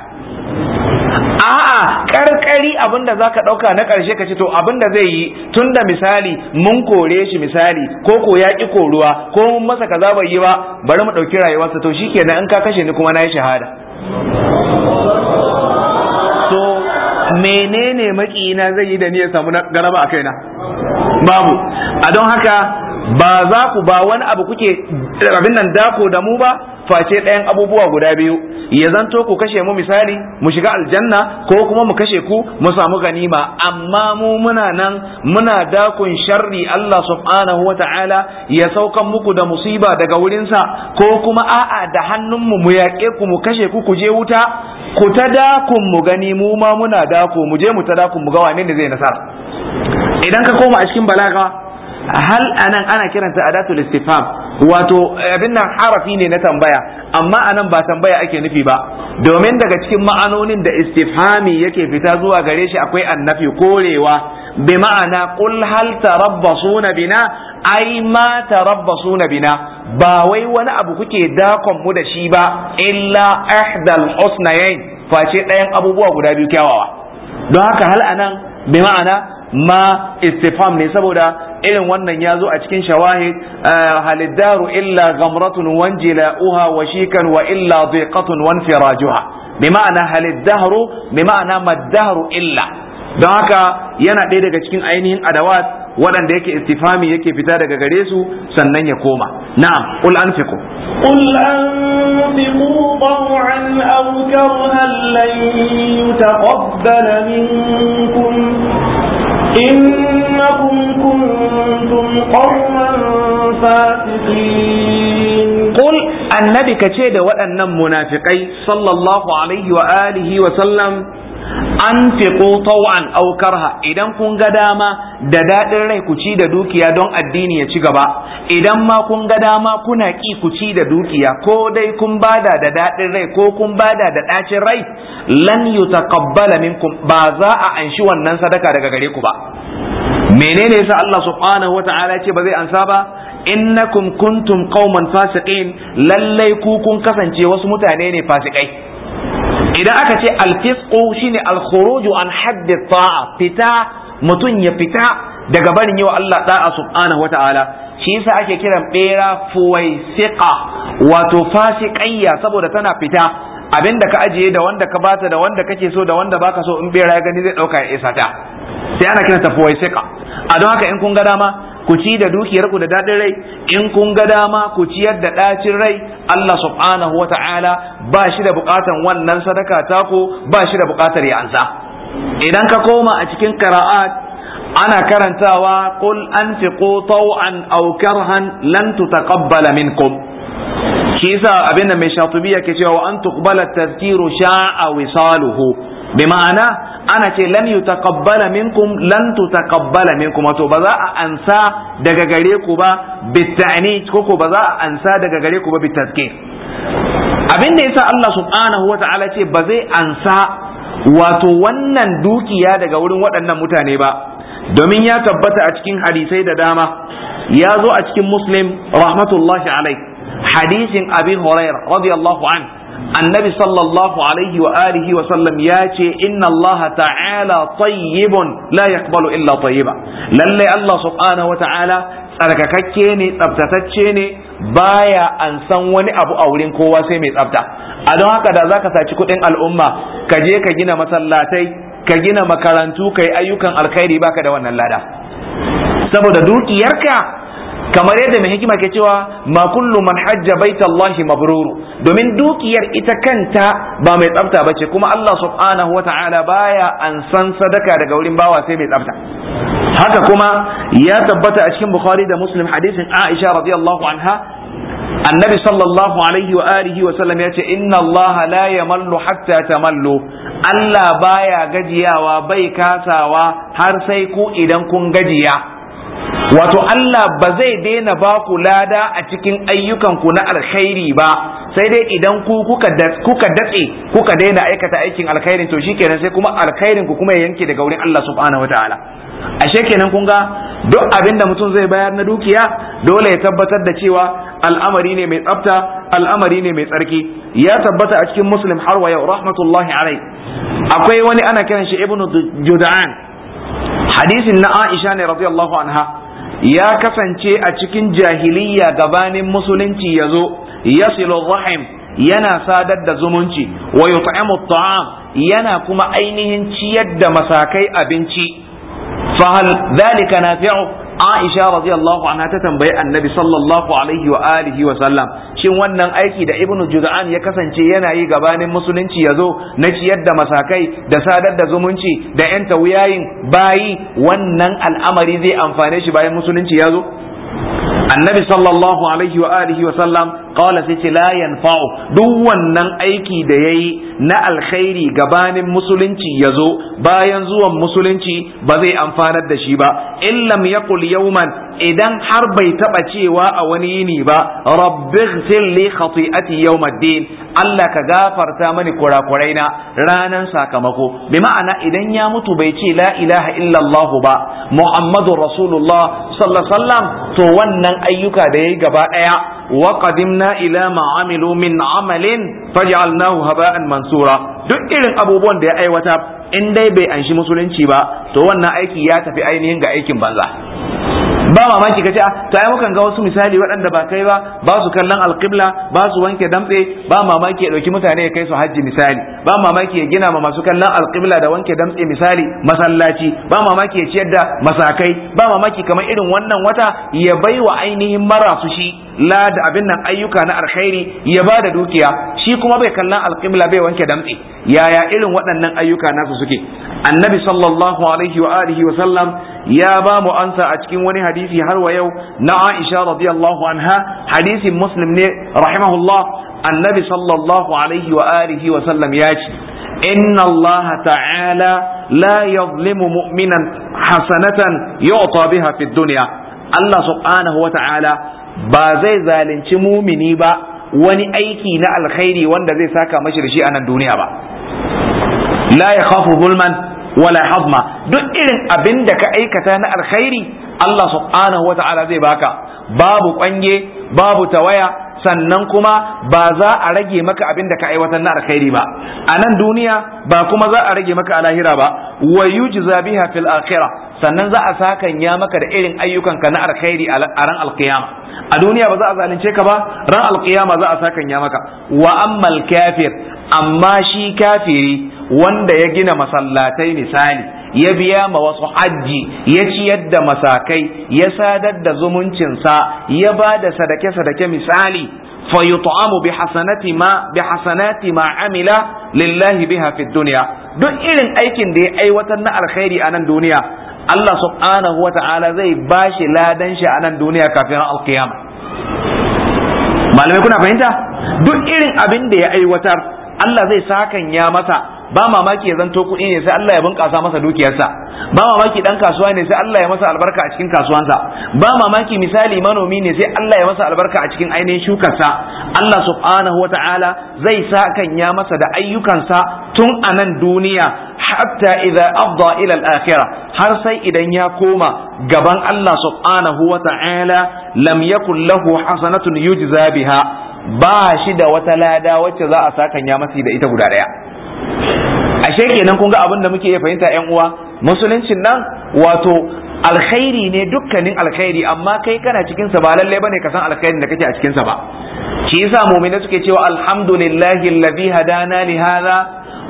a'a karkari abin da zaka dauka na karshe ka ce to abin da zai yi tunda misali mun kore shi misali ko ko ya ki koruwa ko mun masa kaza bai yi ba bari mu dauki rayuwarsa to shikenan in ka kashe ni kuma na yi shahada so menene makiyina zai yi da ni ya samu garaba a kaina babu a don haka ba za ku ba wani abu kuke rabin nan dako da mu ba face ɗayan abubuwa guda biyu ya zanto ku kashe mu misali mu shiga aljanna ko kuma mu kashe ku mu samu ganima amma mu muna nan muna dakon sharri Allah subhanahu wa ta'ala ya saukan muku da musiba daga wurinsa ko kuma a'a da hannunmu mu yaƙe ku mu kashe ku ku je wuta ku ta dakon mu gani mu ma muna dako mu je mu ta dakon mu ga wane ne zai nasara idan ka koma a cikin balaga hal anan ana kiranta adatul istifham wato abin nan harafi ne na tambaya amma anan ba tambaya ake nufi ba domin daga cikin ma'anonin da istifhami yake fita zuwa gare shi akwai annafi korewa bi ma'ana qul hal tarabbasuna bina ai ma tarabbasuna bina ba wai wani abu kuke dakon mu da shi ba illa ahdal husnayain face ɗayan abubuwa guda biyu kyawawa don haka hal anan bi ma'ana ma istifham ne saboda irin wannan ya zo a cikin shawahid eh, halidaru illa gamratun wan jila'uha wa shikan wa illa dhiqatun wan firajuha bi ma'ana halidahru bi ma'ana maddahru illa don haka yana ɗaya daga cikin ainihin adawat waɗanda yake istifami yake fita daga gare su sannan ya koma na'am qul anfiqu qul anfiqu طوعا aw كرها lan yutaqabbala minkum إنكم كنتم قوما فاسقين قل annabi ka ce da waɗannan munafikai sallallahu alaihi wa wa sallam an fiƙo tawan aukarha idan kun ga dama da daɗin rai ku ci da dukiya don addini ya ci gaba idan ma kun ga dama kuna ƙi ku ci da dukiya ko dai kun bada da daɗin rai ko kun bada da ɗacin rai lan yutaqabbala minkum ba za a anshi wannan sadaka daga gare ku ba menene yasa Allah subhanahu wata'ala ce ba zai ansa ba innakum kuntum qauman fasiqin lallai ku kun kasance wasu mutane ne fasikai idan aka ce alfisqu shine alkhuruju an haddi ta'a fita mutum ya fita daga barin yau Allah da'a subhanahu wata'ala shi yasa ake kiran bera fuwaisiqa wato fasiqayya saboda tana fita abinda ka ajiye da wanda ka bata da wanda kake so da wanda baka so in bera ya gani zai dauka ya isa ta sai ana kiran ta fuwaisiqa a don haka in kun ga dama ku ci da dukiyar ku da dadin rai in kun ga dama ku ciyar da dacin rai Allah subhanahu Ta'ala, ba shi da bukatan wannan sadaka ku, ba shi da bukatar ya ansa idan ka koma a cikin qira'at ana karantawa qul anfiqu taw'an aw karhan lan tutaqabbala minkum shi yasa abinda mai shatubi yake cewa an tuqbala tazkiru sha'a wisaluhu bi ma'ana ana ce lan yutaqabbala minkum lan tutaqabbala minkum wato ba za a ansa daga gare ku ba bitani ko ko ba za a ansa daga gare ku ba bitaske abin da yasa Allah subhanahu wata'ala ce ba zai ansa wato wannan dukiya daga wurin waɗannan mutane ba domin ya tabbata a cikin hadisai da dama ya zo a cikin muslim rahmatullahi alai hadisin abi hurairah radiyallahu anhu annabi sallallahu alaihi wa alihi wa sallam ya ce inna allaha ta'ala tayyibun la yaqbalu illa tayyiba lalle allah subhanahu wa ta'ala tsarkakakke ne tsaftatacce ne baya an san wani abu a wurin kowa sai mai tsafta a don haka da zaka saci kuɗin al'umma ka je ka gina masallatai ka gina makarantu ka ayyukan alkhairi baka da wannan lada saboda dukiyarka kamar yadda mai hikima ke cewa ma kullu man hajja baitallahi mabruru domin dukiyar ita kanta ba mai tsafta bace kuma Allah subhanahu wata'ala baya san sadaka daga wurin bawa sai mai tsafta haka kuma ya tabbata a cikin bukhari da muslim hadisin aisha radiyallahu anha annabi sallallahu alaihi wa alihi wa sallam ya ce inna Allah la yamallu hatta tamallu Allah baya gajiyawa bai kasawa har sai ku idan kun gajiya wato Allah ba zai daina ba ku lada a cikin ayyukan ku na alkhairi ba sai dai idan ku kuka kuka datse kuka daina aikata aikin alkhairin to shikenan sai kuma alkhairin ku kuma ya yanke daga wurin Allah subhanahu wataala ashe kenan kun ga duk abin da mutum zai bayar na dukiya dole ya tabbatar da cewa al'amari ne mai tsafta al'amari ne mai tsarki ya tabbata a cikin muslim har wa yau rahmatullahi alai akwai wani ana kiran shi ibnu judan hadisin na aisha ne radiyallahu anha ya kasance a cikin jahiliya gabanin musulunci ya zo yasilu rahim yana sadar da zumunci wa yut'imu ta'am yana kuma ainihin ciyar da masakai abinci fa hal dhalika nafi'u Aisha radiyallahu anha ta tambayi Annabi sallallahu alaihi wa alihi wa sallam shin wannan aiki da Ibn Juz'an ya kasance yana yi gabanin musulunci yazo na ciyar da masakai da sadar da zumunci da yan tawuyayin bayi wannan al'amari zai amfane shi bayan musulunci yazo Annabi sallallahu alaihi wa alihi wa sallam qala sai ce la yanfa'u duk wannan aiki da yayi na alkhairi gabanin musulunci yazo bayan zuwan musulunci ba zai amfanar da shi ba illam yaqul yawman idan har bai taba cewa a wani yini ba rabbighfir li khati'ati yawmiddin Allah ka gafarta mani kurakurai na ranan sakamako bi ma'ana idan ya mutu bai ce la ilaha illallah ba muhammadu rasulullah sallallahu alaihi wasallam to wannan ayyuka da yayi gaba daya وقدمنا الى ila عملوا من min amalin هباء haba'an mansura duk irin abubuwan da ya aiwata in dai bai anshi musulunci ba to wannan aiki ya tafi ainihin ga aikin banza ba mamaki ka ce a ah, to ai mukan ga wasu misali waɗanda ba kai ba ba su kallon alƙibla ba su wanke damtse ba mamaki ya ɗauki mutane ya kai su hajji misali ba mamaki ya gina ma masu kallon alƙibla da wanke damtse misali masallaci ba mamaki ya ciyar da masakai ba mamaki kamar irin wannan wata ya bai wa ainihin marasu shi la da abin nan ayyuka na alkhairi ya ba da dukiya shi kuma bai kallon alƙibla bai wanke damtse yaya irin waɗannan ayyuka nasu suke annabi sallallahu alaihi wa alihi wa sallam ya ba mu ansa a cikin wani hadisi har wa yau na Aisha radiyallahu anha hadisin Muslim ne rahimahullah annabi sallallahu alaihi wa alihi wa sallam ya ce inna Allah ta'ala la yadhlimu mu'minan hasanatan yu'ta biha fid dunya Allah subhanahu wa ta'ala ba zai zalunci mumini ba wani aiki na alkhairi wanda zai saka mashi da shi a nan duniya ba la ya khafu wala hazma duk irin abin da ka aikata na alkhairi Allah subhanahu wa ta'ala zai baka babu kwange babu tawaya sannan kuma ba za a rage maka abin da ka aiwatar na alkhairi ba a nan duniya ba kuma za a rage maka a lahira ba wa yujza biha fil akhirah sannan za a saka ya maka da irin ayyukanka na alkhairi a ran alkiyama a duniya ba za a zalunce ka ba ran alkiyama za a saka ya maka wa ammal kafir amma shi kafiri wanda ya gina masallatai misali ya biya ma wasu hajji ya ciyar da masakai ya sadar da zumuncinsa ya ba da sadake-sadake misali فيطعم بحسنات ما بحسنات ما lillahi biha في الدنيا duk irin aikin da ya aiwatar na alkhairi a nan duniya Allah subhanahu wa ta'ala zai bashi ladan shi a nan duniya kafin alkiyama malamai kuna fahimta duk irin abin da ya aiwatar Allah zai sakan ya masa ba mamaki ya zanto kuɗi ne sai Allah ya bunƙasa masa dukiyarsa ba mamaki dan kasuwa ne sai Allah ya masa albarka a cikin kasuwansa ba mamaki misali manomi ne sai Allah ya masa albarka a cikin ainihin shukarsa Allah subhanahu wata'ala zai sa kan ya masa da ayyukansa tun a nan duniya hatta idza afda ila al-akhirah har sai idan ya koma gaban Allah subhanahu wata'ala lam yakun lahu hasanatun yujza biha ba shi da wata lada wacce za a sakan ya masa da ita guda daya ashe kenan kun ga abin da muke iya fahimta yan uwa musuluncin nan wato alkhairi ne dukkanin alkhairi amma kai kana cikin sa ba lalle bane ka san alkhairin da kake a cikin sa ba shi yasa mu'mina suke cewa alhamdulillahi alladhi hadana li hadha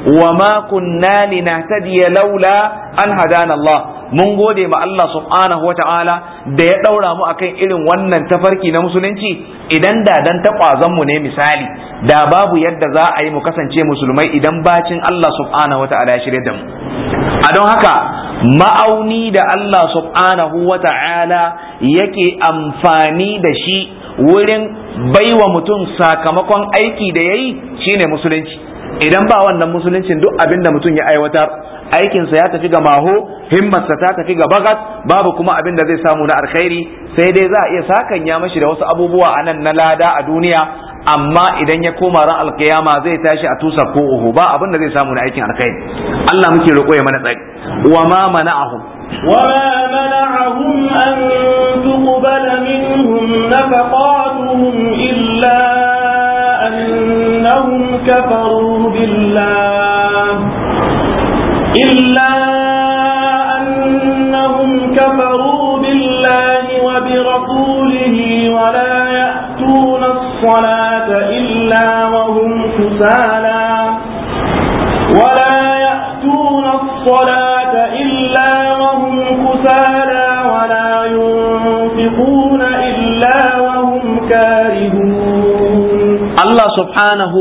وما كنا لنهتدي laula an hadana Allah? mun gode ma Allah subhanahu wa ta'ala da ya ɗaura mu akan irin wannan tafarki na musulunci idan da dan mu ne misali da babu yadda za a yi mu kasance musulmai idan bacin Allah subhanahu wa ta'ala ya shirya da mu a don haka ma'auni da Allah subhanahu wa ta'ala yake amfani da shi wurin baiwa mutum sakamakon aiki da ya yi shine musulunci idan ba wannan musuluncin duk abin da mutum ya aiwatar aikinsa ya tafi ga maho himmarsa ta tafi ga bagas babu kuma abin da zai samu na alkhairi sai dai za a iya sakan ya mashi da wasu abubuwa a nan na lada a duniya amma idan ya koma ran alkiyama zai tashi a tusa ko uhu ba abin da zai samu na aikin alkhairi Allah muke roƙo ya mana tsari wa ma mana'ahum wa ma mana'ahum an tuqbala minhum nafaqatuhum illa كفروا بالله إلا أنهم كفروا بالله وبرسوله ولا يأتون الصلاة إلا وهم كسالى ولا subhanahu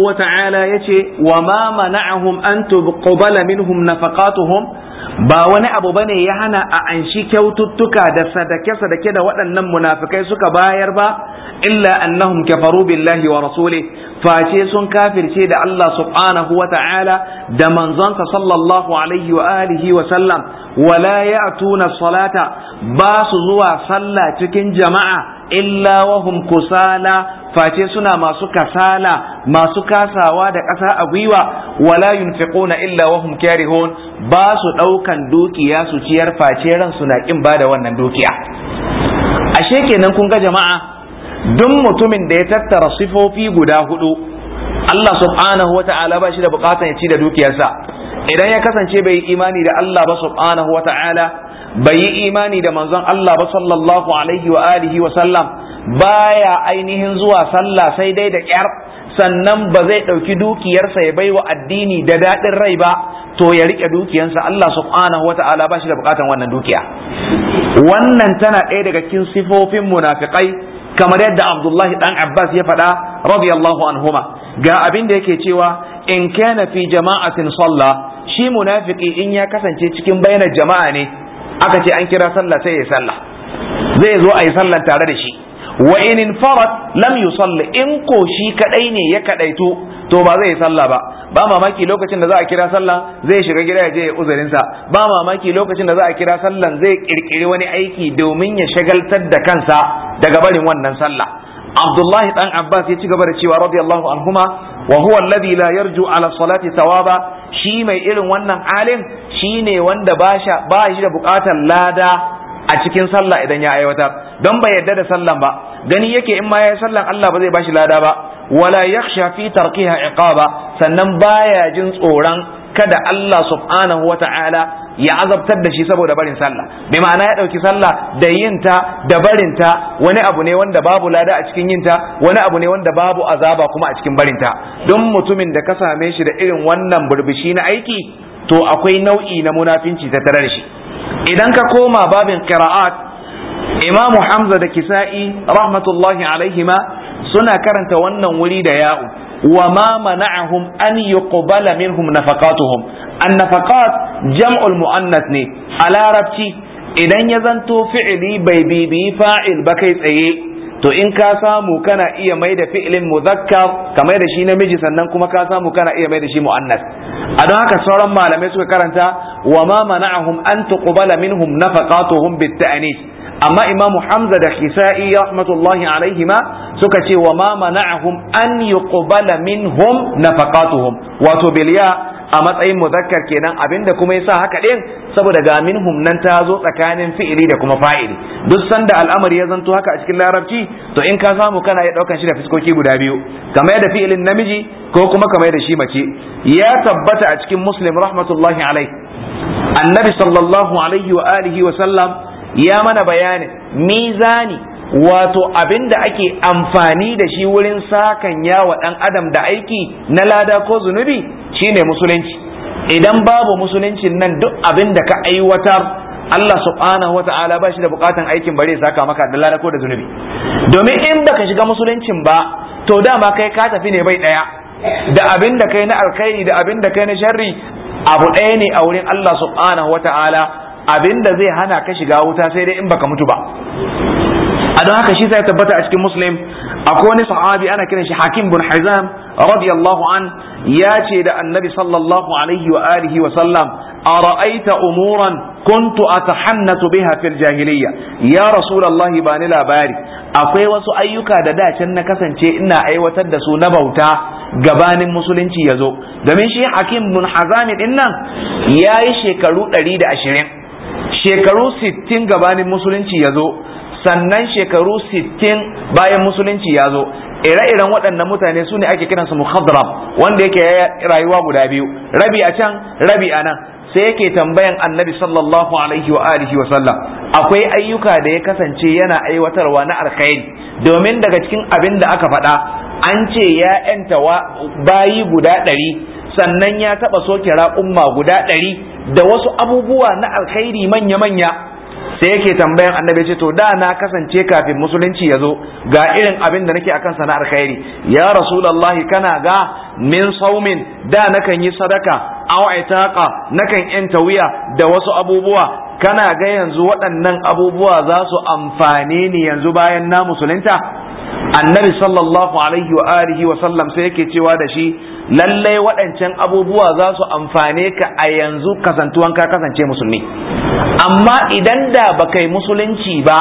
ya ce wa ma mana'ahum an ba wani abu bane ya hana a anshi kyaututtuka da sadake-sadake da waɗannan munafikai suka bayar ba illa annahum kafaru billahi wa rasuli face sun kafirce da Allah subhanahu wa ta'ala da manzonsa sallallahu alaihi wa alihi wa sallam wala ya'tuna salata ba su zuwa sallah cikin jama'a illa wahum kusala face suna masu kasala masu kasawa da ƙasa a gwiwa wala yunfiquna illa wahum karihun ba su ɗaukan dukiya su ciyar face ran suna ƙin ba da wannan dukiya ashe kenan kun ga jama'a duk mutumin da ya tattara sifofi guda hudu Allah subhanahu wa ta'ala ba shi da bukatan ya ci da dukiyarsa idan ya kasance bai imani da Allah ba subhanahu wa ta'ala bai yi imani da manzon Allah ba sallallahu alaihi wa alihi wa sallam baya ainihin zuwa sallah sai dai da ƙyar sannan ba zai ɗauki dukiyarsa ya baiwa addini da daɗin rai ba to ya riƙe dukiyarsa Allah subhanahu wa ba shi da buƙatan wannan dukiya wannan tana ɗaya daga cikin sifofin munafiƙai kamar yadda Abdullahi dan Abbas ya faɗa radiyallahu anhuma ga abin da yake cewa in kana fi jama'atin sallah shi munafiki in ya kasance cikin bayyana jama'a ne aka ce an kira sallah sai ya sallah zai zo a yi sallah tare da shi wa in infarat lam yusalli in ko shi kadai ne ya kadaito, to ba zai yi sallah ba ba mamaki lokacin da za a kira sallah zai shiga gida ya je ya uzurin sa ba mamaki lokacin da za a kira sallar zai kirkiri wani aiki domin ya shagaltar da kansa daga barin wannan sallah Abdullahi dan Abbas ya ci gaba da cewa radiyallahu anhuma wa huwa alladhi la yarju ala salati thawaba shi mai irin wannan alim ne wanda ba shi da bukatar lada a cikin sallah idan ya aiwata don bai yarda da sallan ba gani yake in ma ya sallan Allah ba zai bashi lada ba wala yakhsha fi tarkiha iqaba sannan baya jin tsoron kada Allah subhanahu ta'ala ya azabtar da shi saboda barin sallah bi ma'ana ya dauki sallah da yinta da barinta wani abu ne wanda babu lada a cikin yinta wani abu ne wanda babu azaba kuma a cikin barinta don mutumin da ka same shi da irin wannan burbushi na aiki to akwai nau'i na munafinci ta tare shi idan ka koma babin qira'at imam hamza da kisa'i rahmatullahi alaihima suna karanta wannan wuri da ya'u wa ma mana'ahum an yuqbala minhum nafaqatuhum an nafaqat jam'ul muannath ne a larabci idan ya zanto fi'ili bai bibiyi fa'il ba kai tsaye to in ka samu kana iya mai da fi'ilin muzakkar ka mai da shi namiji sannan kuma ka samu kana iya mai da shi mu'annas a don haka sauran malamai suka karanta wa ma mana'ahum an tuqbala minhum nafaqatuhum bit ta'anis amma imamu hamza da kisa'i rahmatullahi alaihima suka ce wa ma mana'ahum an yuqbala minhum nafaqatuhum wato biliya a matsayin muzakkar kenan abinda kuma yasa haka din saboda ga minhum nan ta zo tsakanin fi'ili da kuma fa'ili duk sanda al'amari ya zanto haka a cikin larabci to in ka samu kana ya daukan shi da fiskoki guda biyu kamar yadda fi'ilin namiji ko kuma kamar yadda shi mace ya tabbata a cikin muslim rahmatullahi alaihi annabi sallallahu alaihi wa alihi wa sallam ya mana bayanin mizani wato abin da ake amfani da shi wurin sakan yawa ɗan adam da aiki na lada ko zunubi shine musulunci idan babu musuluncin nan duk abin da ka aiwatar Allah subhanahu wa ta'ala ba shi da bukatan aikin bare saka maka da lada ko da zunubi domin in baka shiga musuluncin ba to dama kai ka tafi ne bai daya da abin da kai na alkhairi da abin da kai na sharri abu ɗaya ne a wurin Allah subhanahu wa ta'ala abinda zai hana ka shiga wuta sai dai in baka mutu ba a don haka shi sai tabbata a cikin muslim akwai wani sahabi ana kiran shi hakim bin hizam radiyallahu an ya ce da annabi sallallahu alaihi wa alihi wa sallam ara'aita umuran kuntu atahannatu biha fil jahiliyya ya rasulullahi bani labari akwai wasu ayyuka da da can na kasance ina aiwatar da su na bauta gabanin musulunci ya zo domin shi hakim bin hazami din nan ya yi shekaru 120 shekaru 60 gabanin musulunci ya zo sannan shekaru 60 bayan musulunci ya zo ire-iren waɗannan mutane su ne ake kiransu muhadram wanda yake rayuwa guda biyu rabi a can rabi a nan sai yake tambayan annabi sallallahu alaihi wa alihi wa sallam akwai ayyuka da ya kasance yana aiwatarwa na alkhairi domin daga cikin abin da aka faɗa an ce ya yanta bayi guda ɗari sannan ya taɓa kira umma guda ɗari da wasu abubuwa na alkhairi manya-manya sai yake tambayan annabi ce to da na kasance kafin musulunci ya zo ga irin abin da nake akan sana'ar khairi ya rasulullahi kana ga min saumin da nakan yi sadaka aw aitaqa nakan yanta wuya da wasu abubuwa kana ga yanzu waɗannan abubuwa za su amfane ni yanzu bayan na musulunta annabi sallallahu alaihi wa alihi wa sallam sai yake cewa da shi lallai waɗancan abubuwa za su amfane ka a yanzu kasantuwan ka kasance musulmi amma idan da ba kai musulunci ba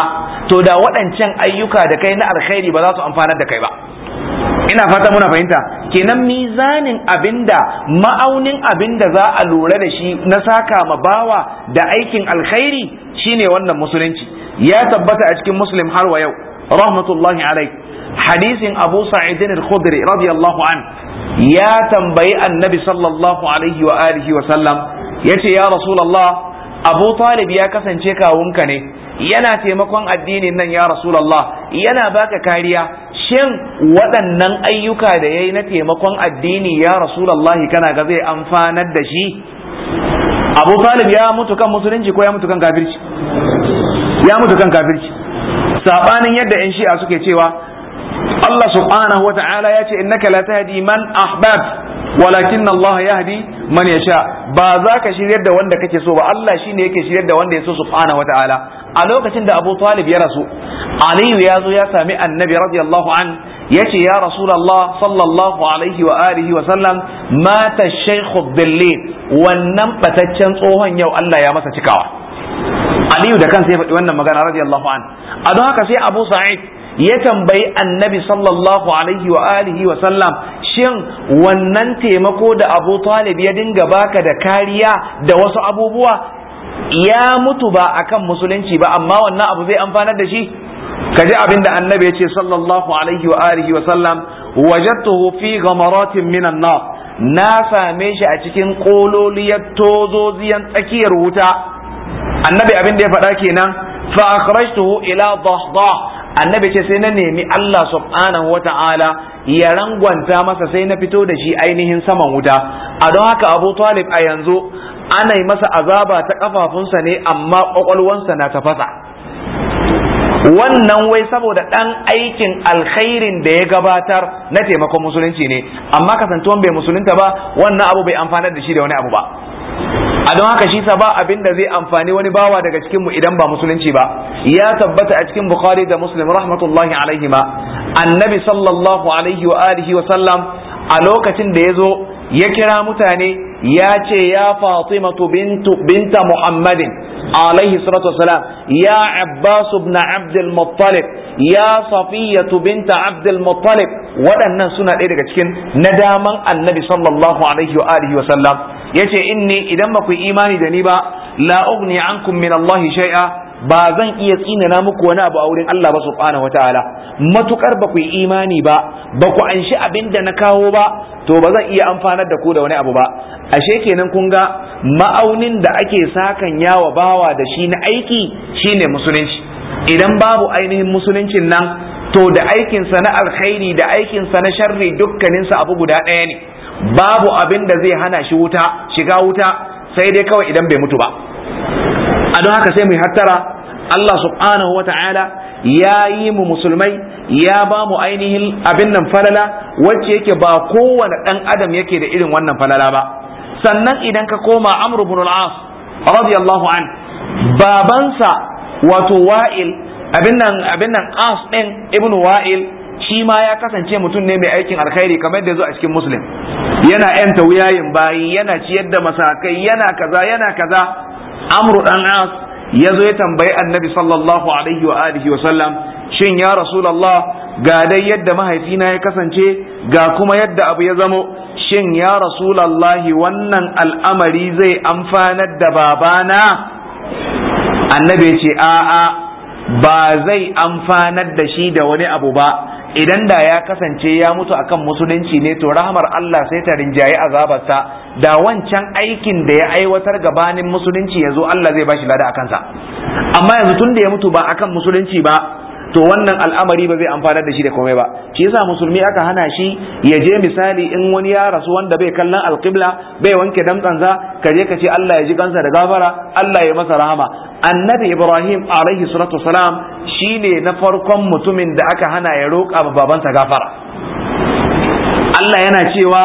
to da waɗancan ayyuka da kai na alkhairi ba za su amfanar da kai ba ina fata muna fahimta kenan mizanin abinda ma'aunin abinda za a lura da shi na saka ma bawa da aikin alkhairi shine wannan musulunci ya tabbata a cikin muslim har wa yau rahmatullahi alai hadisin abu sa'idin al-khudri radiyallahu an ya tambayi annabi sallallahu alaihi wa alihi wa sallam yace ya rasulullah abu talib ya kasance kawunka ne yana taimakon addinin nan ya rasulullah yana baka kariya shin waɗannan ayyuka da yayi na taimakon addini ya rasulullah kana ga zai amfanar da shi abu talib ya mutu kan musulunci ko ya mutu kan kafirci ya mutu kan kafirci sabanin yadda yan shi'a suke cewa Allah subhanahu wa ta'ala ya ce innaka la tahdi man ahbab walakin Allah yahdi man yasha ba za ka shiryar da wanda kake so ba Allah shine yake shiryar da wanda ya so subhanahu wa ta'ala a lokacin da Abu Talib ya rasu Aliyu ya zo ya sami Annabi radiyallahu an yace ya Rasulullah sallallahu alaihi wa alihi wa sallam mata Sheikh Abdullah wannan bataccen tsohon yau Allah ya masa cikawa Aliyu da kansa ya faɗi wannan magana radiyallahu an a don haka sai Abu Sa'id ya tambayi annabi sallallahu alaihi wa alihi wa sallam shin wannan taimako da abu talib ya dinga baka da kariya da wasu abubuwa ya mutu ba akan musulunci ba amma wannan abu zai amfanar da shi kaji abin da annabi ya ce sallallahu alaihi wa alihi wa sallam wajadtuhu fi ghamaratin minan nar na same shi a cikin kololiyar tozoziyan tsakiyar wuta annabi abin da ya faɗa kenan fa akhrajtuhu ila dahdah annabi ce sai na nemi Allah subhanahu ta'ala ya rangwanta masa sai na fito da shi ainihin saman wuta a don haka Abu Talib a yanzu ana yi masa azaba ta kafafunsa ne amma kwakwalwansa na tafasa wannan wai saboda ɗan aikin alkhairin da ya gabatar na taimakon musulunci ne amma kasantuwan bai musulunta ba wannan abu bai amfanar da shi da wani abu ba a don haka shi ba abin da zai amfani wani bawa daga cikin mu idan ba musulunci ba ya tabbata a cikin bukhari da muslim rahmatullahi alaihima annabi sallallahu alaihi wa alihi wa sallam a lokacin da ya zo ya kira mutane ya ce ya Fatima binta muhammadin alaihi salatu wasalam ya abbas ibn abdul muttalib ya safiyatu binta abdul muttalib waɗannan suna ɗaya daga cikin nadaman annabi sallallahu alaihi wa alihi wa sallam yace inni idan ba ku imani da ni ba la ugni ankum min allahi shay'a ba zan iya na muku wani abu a wurin Allah ba subhanahu wataala matukar ba ku yi imani ba ba ku anshi abin da na kawo ba to ba zan iya amfanar da ku da wani abu ba ashe kenan kun ga ma'aunin da ake sakan yawa bawa da shi na aiki shine musulunci idan babu ainihin musuluncin nan to da aikinsa na alkhairi da aikinsa na sharri dukkaninsa abu guda ɗaya ne babu abin da zai hana shi wuta shiga wuta sai dai kawai idan bai mutu ba a don haka sai mu hattara Allah subhanahu wa ta'ala ya yi mu musulmai ya ba mu ainihin abin nan falala wacce yake ba kowane ɗan adam yake da irin wannan falala ba sannan idan ka koma amru ibn al-as radiyallahu an babansa wato wa'il abin nan abin nan as din ibn wa'il shi ma ya kasance mutum ne mai aikin alkhairi kamar yadda zo a cikin muslim yana yanta wuyayin bayi yana ciyar da masakai yana kaza yana kaza amru dan as ya zo ya tambayi annabi sallallahu alaihi wa alihi wa sallam shin ya rasulullah ga dai yadda mahaifina ya kasance ga kuma yadda abu ya zamo shin ya rasulallahi wannan al'amari zai amfanar da babana annabi ce a'a ba zai amfanar da shi da wani abu ba idan da ya kasance ya mutu akan musulunci ne to rahmar Allah sai ta rinjaye azabarsa da wancan aikin da ya aiwatar gabanin musulunci yanzu, Allah zai bashi lada akansa. amma yanzu tun da ya mutu ba akan musulunci ba to wannan al'amari ba zai amfana da shi da komai ba shi yasa musulmi aka hana shi ya je misali in wani ya rasu wanda bai kallon alqibla bai wanke damtsansa ka je ka ce Allah ya ji kansa da gafara Allah ya masa rahama annabi Ibrahim alaihi salatu wasalam shine na farkon mutumin da aka hana ya roƙa babansa gafara Allah yana cewa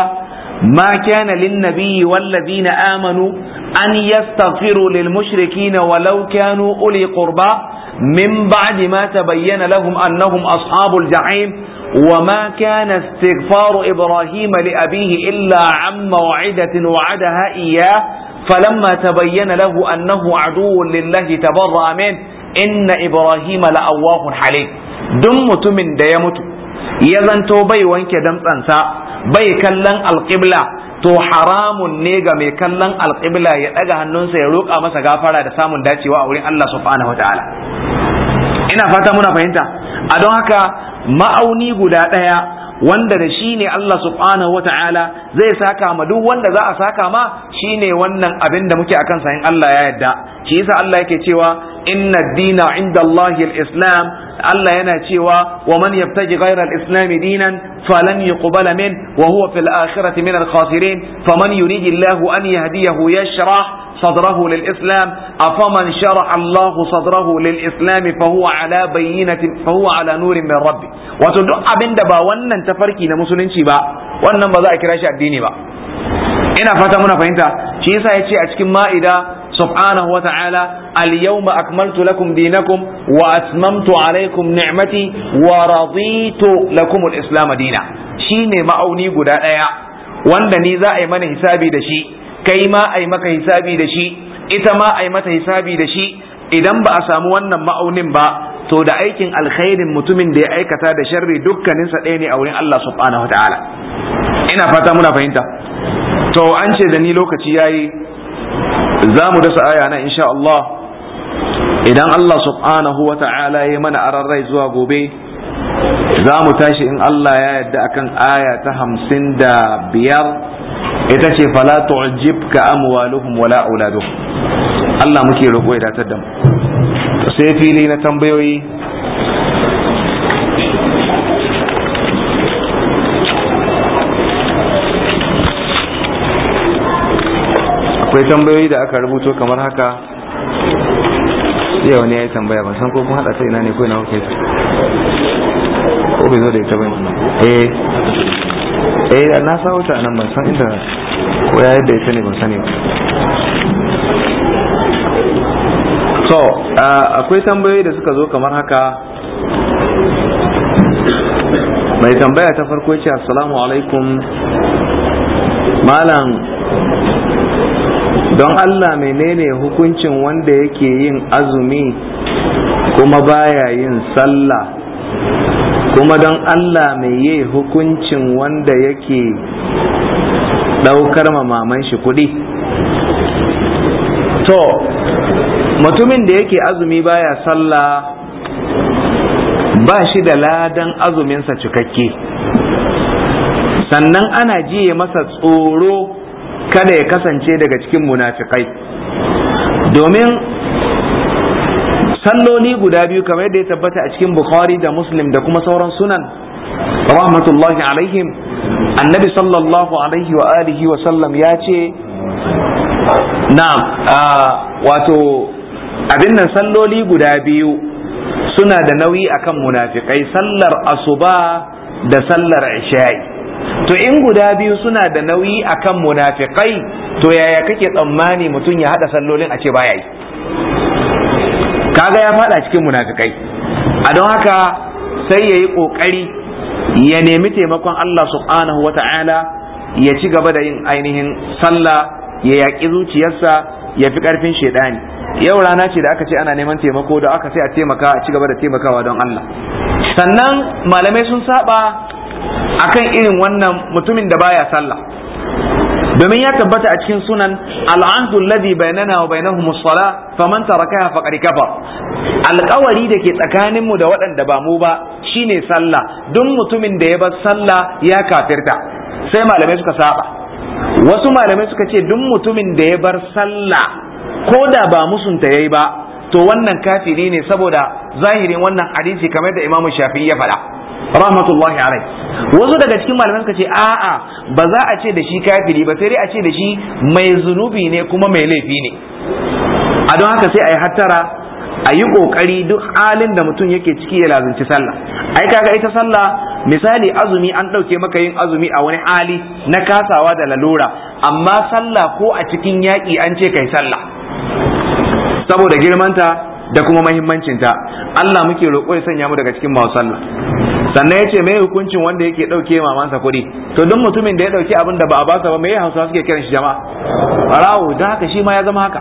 ما كان للنبي والذين آمنوا أن يستغفروا للمشركين ولو كانوا أولي قربى min ba'di ma tabayyana lahum annahum ashabul ja'im وما كان استغفار ابراهيم لابيه الا عن موعده وعدها اياه فلما تبين له انه عدو لله تبرأ منه ان ابراهيم لاواه حليم دم متمن da ya mutu ya zanto bai wanke damtsansa bai kallon alƙibla to haramun ne ga mai kallon alƙibla ya ɗaga hannunsa ya roƙa masa gafara da samun dacewa a wurin Allah subhanahu ta'ala ina fata muna fahimta a don haka ma'auni guda ɗaya wanda da shi ne Allah subhanahu wata'ala zai saka ma duk wanda za a saka ma shine wannan abin da muke akan sayin Allah ya yadda shi yasa Allah yake cewa inna dina inda Allahi islam Allah yana cewa wa man yabtaji ghayra al-islam dinan falan yuqbala min wa huwa fil akhirati min al-khasirin faman yuridi Allah an yahdiyahu yashrah صدره للإسلام أفمن شرح الله صدره للإسلام فهو على بينة فهو على نور من ربي وتدعو أبن دبا ونن تفركي نمسلين شبا ونن بذا إكراش الديني با إنا فتمنا فإنتا شيسا يتشي أتكم ما إذا سبحانه وتعالى اليوم أكملت لكم دينكم وأتممت عليكم نعمتي ورضيت لكم الإسلام دينا شيني ما أوني قد wanda ni za a yi mana hisabi da shi kai ma ai maka hisabi da shi ita ma ai mata hisabi da shi idan ba a samu wannan ma'aunin ba to da aikin alkhairin mutumin da ya aikata da sharri dukkaninsa ɗaya ne a wurin Allah subhanahu wataala ina fata muna fahimta to an ce da ni lokaci yayi za mu dasa aya na insha Allah idan Allah subhanahu wataala ya mana ararrai zuwa gobe za mu tashi in Allah ya yarda akan aya ta hamsin da biyar ita ce fala tu'jibka amwaluhum wala auladuhum Allah muke roƙo ya datar da mu sai fili na tambayoyi akwai tambayoyi da aka rubuto kamar haka yau ne ya yi tambaya ban san ko kun haɗa ta ina ne ko ina kuke ko bai zo da ita bane eh eh na sa wuta nan ban san inda ko ya yadda ita ne ban sani ba so akwai tambayoyi da suka zo kamar haka mai tambaya ta farko ce assalamu alaikum malam don allah menene hukuncin wanda yake yin azumi kuma baya yin sallah kuma don Allah mai yi hukuncin wanda yake ɗaukar maman shi kuɗi to mutumin da yake azumi baya sallah ba shi da ladan azuminsa cikakke sannan ana jiye masa tsoro kada ya kasance daga cikin munafikai domin salloli guda biyu kamar yadda ya tabbata a cikin bukhari da muslim da kuma sauran sunan rahmatullahi alaihim annabi sallallahu alaihi wa alihi wa sallam ya ce na wato abin nan salloli guda biyu suna da nauyi akan munafikai sallar asuba da sallar isha'i to in guda biyu suna da nauyi akan munafikai to yaya kake tsammani mutum ya hada sallolin a ce baya yi kaga ya fada cikin munafikai a don haka sai ya yi kokari ya nemi taimakon Allah subhanahu wata'ala ya ci gaba da yin ainihin sallah ya yaƙi zuciyarsa ya fi ƙarfin shaidani yau rana ce da aka ce ana neman taimako da aka sai a taimaka a ci gaba da taimakawa don Allah sannan malamai sun saba akan irin wannan mutumin da baya sallah domin ya tabbata a cikin sunan al'ahdu alladhi bainana wa bainahum as-salah faman tarakaha faqad kafar alƙawari da ke tsakanin mu da waɗanda ba mu ba shine sallah duk mutumin da ya bar sallah ya kafirta sai malamai suka saba wasu malamai suka ce duk mutumin da ya bar sallah ko da ba musunta yayi ba to wannan kafiri ne saboda zahirin wannan hadisi kamar da imamu Shafi ya faɗa rahmatullahi alai wasu daga cikin malaman ka ce a'a ba za a ce da shi kafiri ba sai dai a ce da shi mai zunubi ne kuma mai laifi ne a don haka sai a yi hattara a yi kokari duk halin da mutum yake ciki ya lazunci sallah ai kaga ita sallah misali azumi an ɗauke maka yin azumi a wani hali na kasawa da lalura amma sallah ko a cikin yaƙi an ce kai sallah saboda girmanta da kuma mahimmancinta Allah muke roƙo ya sanya mu daga cikin masu sallah sannan ya ce mai hukuncin wanda yake ɗauke mamansa kuɗi to duk mutumin da ya ɗauki abin da ba a basa ba mai hausa suke kiran shi jama'a rawo don haka shi ma ya zama haka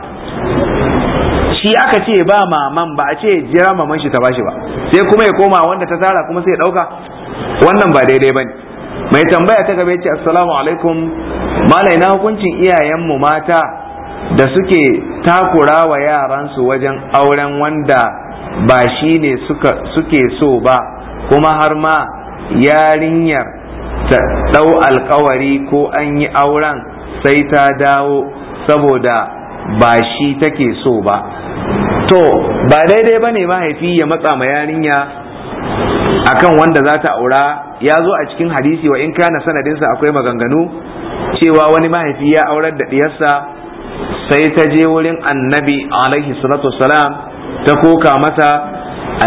shi aka ce ba maman ba a ce jira maman shi ta ba shi ba sai kuma ya koma wanda ta tara kuma sai ya ɗauka wannan ba daidai ba ne mai tambaya ta gaba ya ce assalamu alaikum malai na hukuncin iyayenmu mata da suke takura wa yaransu wajen auren wanda ba shi ne suke so ba kuma har ma yarinyar ta ɗau alkawari ko an yi auren sai ta dawo saboda ba shi take so ba to ba daidai ba ne mahaifi ya matsa ma yarinya akan wanda za ta aura ya zo a cikin hadisi wa in kana sanadinsa akwai maganganu cewa wani mahaifi ya aurar da ɗiyarsa sai ta je wurin annabi alaihi salatu wasalam ta koka masa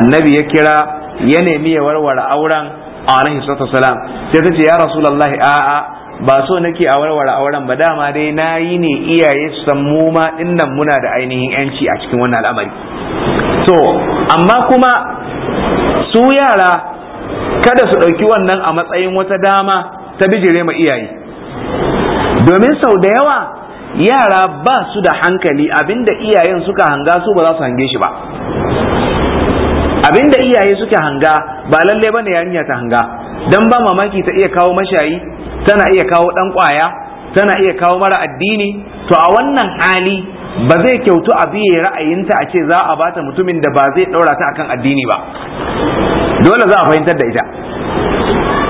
annabi ya kira ya nemi ya warware auren alaihi salatu salam sai ta ce ya rasulullahi a'a ba so nake a warware auren ba dama dai na yi ne iyaye su san mu ma dinnan muna da ainihin yanci a cikin wannan al'amari so amma kuma su yara kada su ɗauki wannan a matsayin wata dama ta bijire ma iyaye domin sau da yawa yara ba su da hankali abinda iyayen suka hanga su ba za su hange shi ba abinda iyaye suke hanga ba lalle bane yarinya ta hanga dan ba mamaki ta iya kawo mashayi tana iya kawo dan kwaya tana iya kawo mara addini to a wannan hali ba zai kyautu a biye ra'ayinta a ce za a bata mutumin da ba zai ɗaura ta akan addini ba dole za a fahimtar da ita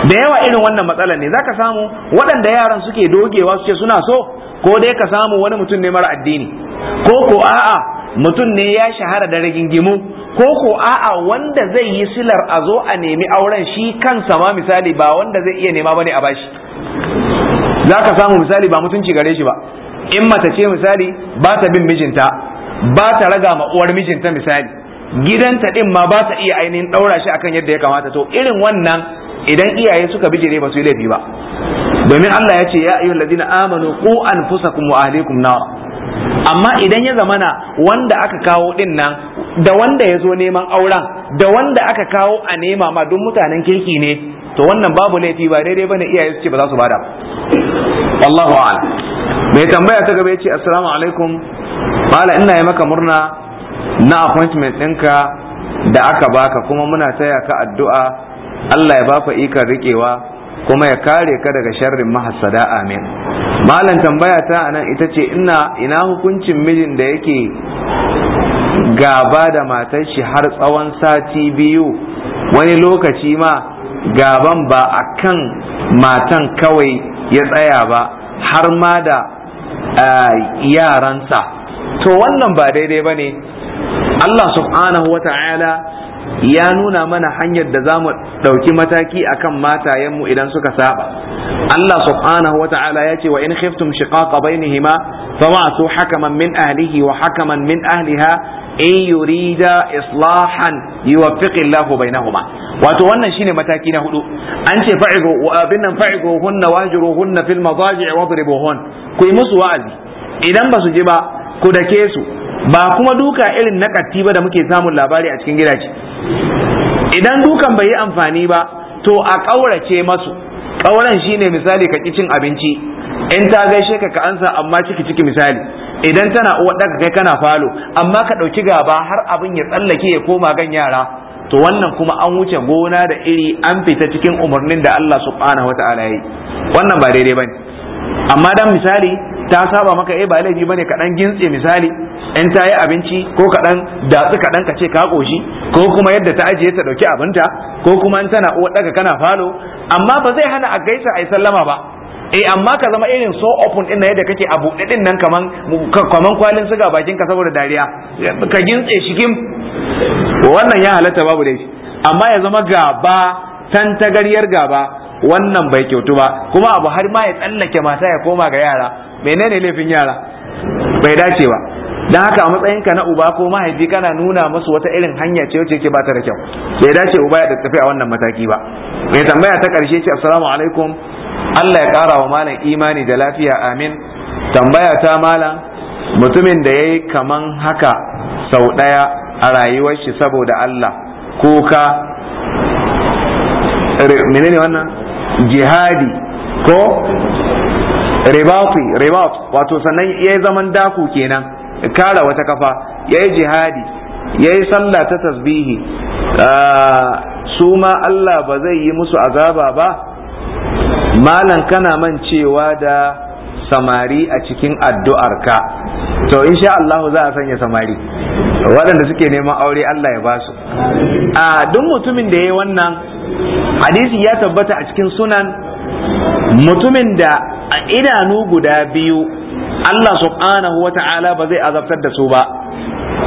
da yawa irin wannan matsalar ne zaka samu waɗanda yaran suke dogewa suke suna so ko dai ka samu wani mutum ne mara addini ko ko a'a mutum ne ya shahara da rigingimu ko ko a'a wanda zai yi silar a zo a nemi auren shi kansa ma misali ba wanda zai iya nema bane a bashi za ka samu misali ba mutunci gare shi ba in mata ce misali ba ta bin mijinta ba ta raga ma uwar mijinta misali gidanta din ma ba ta iya ainihin daura shi akan yadda ya kamata to irin wannan idan iyaye suka bijire ba su yi laifi ba domin Allah ya ce ya ayyuhallazina amanu qu anfusakum wa ahlikum nar amma idan ya zamana wanda aka kawo din nan da wanda ya zo neman auren da wanda aka kawo a nema ma duk mutanen kirki ne to wannan babu laifi ba daidai bane iyaye su ce ba za su bada Allahu a'ala mai tambaya ta gaba yace assalamu alaikum mala ina yi maka murna na appointment ɗinka da aka baka kuma muna taya ka addu'a Allah ya baka ikar riƙewa kuma ya kare ka daga sharrin mahassada amin malam tambaya ta anan ita ce ina ina hukuncin mijin da yake gaba da matar shi har tsawon sati biyu wani lokaci ma gaban ba a kan matan kawai ya tsaya ba har ma da yaransa to wannan ba daidai ba ne Allah subhanahu wa ta'ala ya nuna mana hanyar da za mu ɗauki mataki akan matayenmu idan suka saba Allah subhanahu wa ta'ala ya ce wa in khiftum shiqaqa bainihima fab'athu hakaman min ahlihi wa hakaman min ahliha in yurida islahan yuwaffiq bainahuma wato wannan shine mataki na hudu an ce fa'idu abin nan fa'idu hunna wajiru fil madaji' wadribuhun ku musu wa'azi idan ba su ji ba ku dake su ba kuma duka irin na katti ba da muke samun labari a cikin gidaje idan dukan bai yi amfani ba to a ƙaurace masu ƙauran shine misali ka cin abinci in ta gaishe ka ka ansa amma ciki ciki misali idan tana ɗaka kai kana falo amma ka ɗauki gaba har abin ya tsallake ya koma gan yara to wannan kuma an wuce gona da iri an fita cikin umarnin da Allah subhanahu wa ta'ala yi wannan ba daidai bane amma dan misali ta saba maka eh ba laifi bane ka dan gintse misali in ta yi abinci ko kaɗan datsi kaɗan ka ce ka ƙoshi ko kuma yadda ta ajiye ta ɗauki abinta ko kuma in tana uwa ɗaga kana falo amma ba zai hana a gaisa a yi sallama ba eh amma ka zama irin so open din yadda kake a buɗe din nan kaman kaman kwalin suga bakin ka saboda dariya ka gintse shikim wannan ya halatta babu dai amma ya zama gaba tantagaryar gaba wannan bai kyautu ba kuma abu har ma ya tsallake mata ya koma ga yara menene laifin yara bai dace ba dan haka a matsayinka na uba ko mahaifi kana nuna masu wata irin hanya ce wacce yake bata da kyau bai dace uba ya tafi a wannan mataki ba mai tambaya ta karshe ce assalamu alaikum Allah ya kara wa malam imani da lafiya amin tambaya ta malam mutumin da yayi kaman haka sau daya a rayuwar shi saboda Allah kuka menene wannan jihadi ko ribati ribat wato sannan yayi zaman daku kenan kara wata kafa ya yi jihadi ya yi sallah ta tasbihi ah, su ma Allah ba zai yi musu azaba ba malan kana man cewa da samari a cikin addu'arka to insha Allah za a sanya samari waɗanda suke neman aure Allah ya basu a ah, duk mutumin da ya yi wannan hadisi ya tabbata a cikin sunan mutumin da idanu guda biyu Allah subhanahu wa ta'ala ba zai azabtar da su ba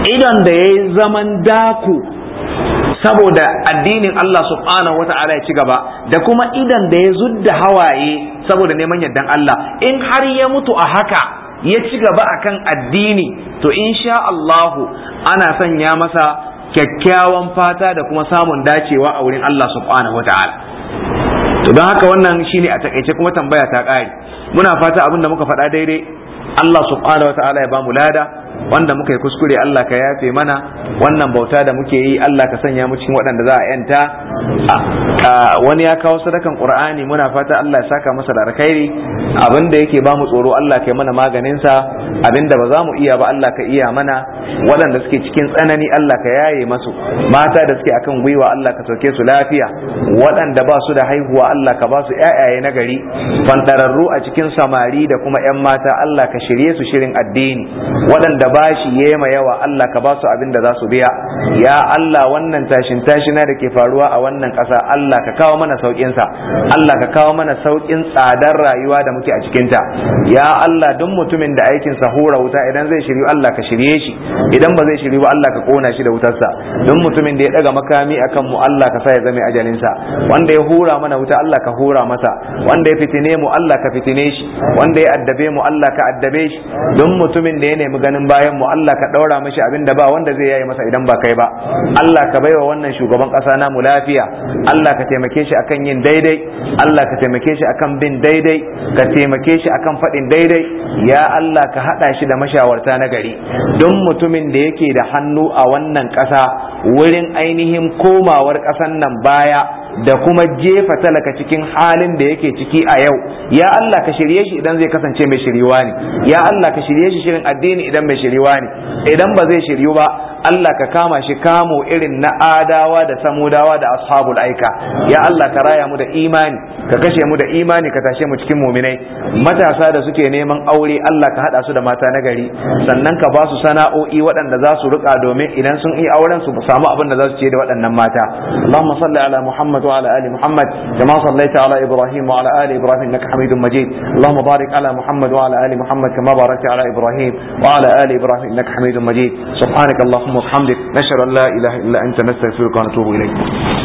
idan da ya yi zaman daku saboda addinin Allah subhanahu wa ta'ala ya ci gaba da kuma idan da ya zudda hawaye saboda neman yardan Allah in har ya mutu a haka ya ci gaba akan addini to insha Allahu ana sanya masa kyakkyawan fata da kuma samun dacewa a wurin Allah subhanahu wa ta'ala to don haka wannan shine a takaice kuma tambaya ta kare muna fata abin da muka faɗa daidai Allah subhanahu wataala ya bamu lada wanda muka yi kuskure Allah ka yafe mana wannan bauta da muke yi Allah ka sanya mu cikin waɗanda za a yanta wani ya kawo sadakan Qur'ani muna fata Allah ya saka masa da alkhairi abinda yake ba mu tsoro Allah ka yi mana maganin sa abinda ba za mu iya ba Allah ka iya mana waɗanda suke cikin tsanani Allah ka yaye masu mata da suke akan gwiwa Allah ka sauke su lafiya waɗanda ba su da haihuwa Allah ka ba su ƴaƴaye na gari fandararru a cikin samari da kuma ƴan mata Allah ka shirye su shirin addini waɗanda da bashi yema yawa Allah ka ba su abin da za su biya ya Allah wannan tashin tashina da ke faruwa a wannan kasa Allah ka kawo mana saukin sa Allah ka kawo mana saukin tsadar rayuwa da muke a cikin ta ya Allah duk mutumin da aikin sa hura wuta idan zai shiri Allah ka shirye shi idan ba zai shiryu ba Allah ka kona shi da wutarsa duk mutumin da ya daga makami akan mu Allah ka sa ya zame ajalin sa wanda ya hura mana wuta Allah ka hura masa wanda ya fitine mu Allah ka fitine shi wanda ya addabe mu Allah ka addabe shi duk mutumin da ya nemi ganin ba bayan mu Allah ka daura mashi abin da ba wanda zai yayi masa idan ba kai ba Allah ka baiwa wannan shugaban kasa mu lafiya Allah ka taimake shi akan yin daidai Allah ka taimake shi akan bin daidai ka taimake shi akan faɗin daidai ya Allah ka haɗa shi da mashawarta na gari don mutumin da yake da hannu a wannan ƙasa wurin ainihin komawar ƙasan nan baya da kuma jefa talaka cikin halin da yake ciki a yau ya Allah ka shirye shi idan zai kasance mai shiriwa ne ya Allah ka shirye shi shirin addini idan mai shiriwa ne idan ba zai shiryu ba Allah ka kama shi kamo irin na adawa da samudawa da ashabul aika ya Allah ka raya mu da imani ka kashe mu da imani ka tashe mu cikin muminai matasa da suke neman aure Allah ka hada su da mata na gari sannan ka ba su sana'o'i waɗanda za su rika domin idan sun yi auren su samu abin da za su ce da waɗannan mata Allahumma salli ala Muhammad وعلى ال محمد كما صليت على ابراهيم وعلى ال ابراهيم انك حميد مجيد اللهم بارك على محمد وعلى ال محمد كما باركت على ابراهيم وعلى ال ابراهيم انك حميد مجيد سبحانك اللهم وبحمدك نشهد ان لا اله الا انت نستغفرك ونتوب اليك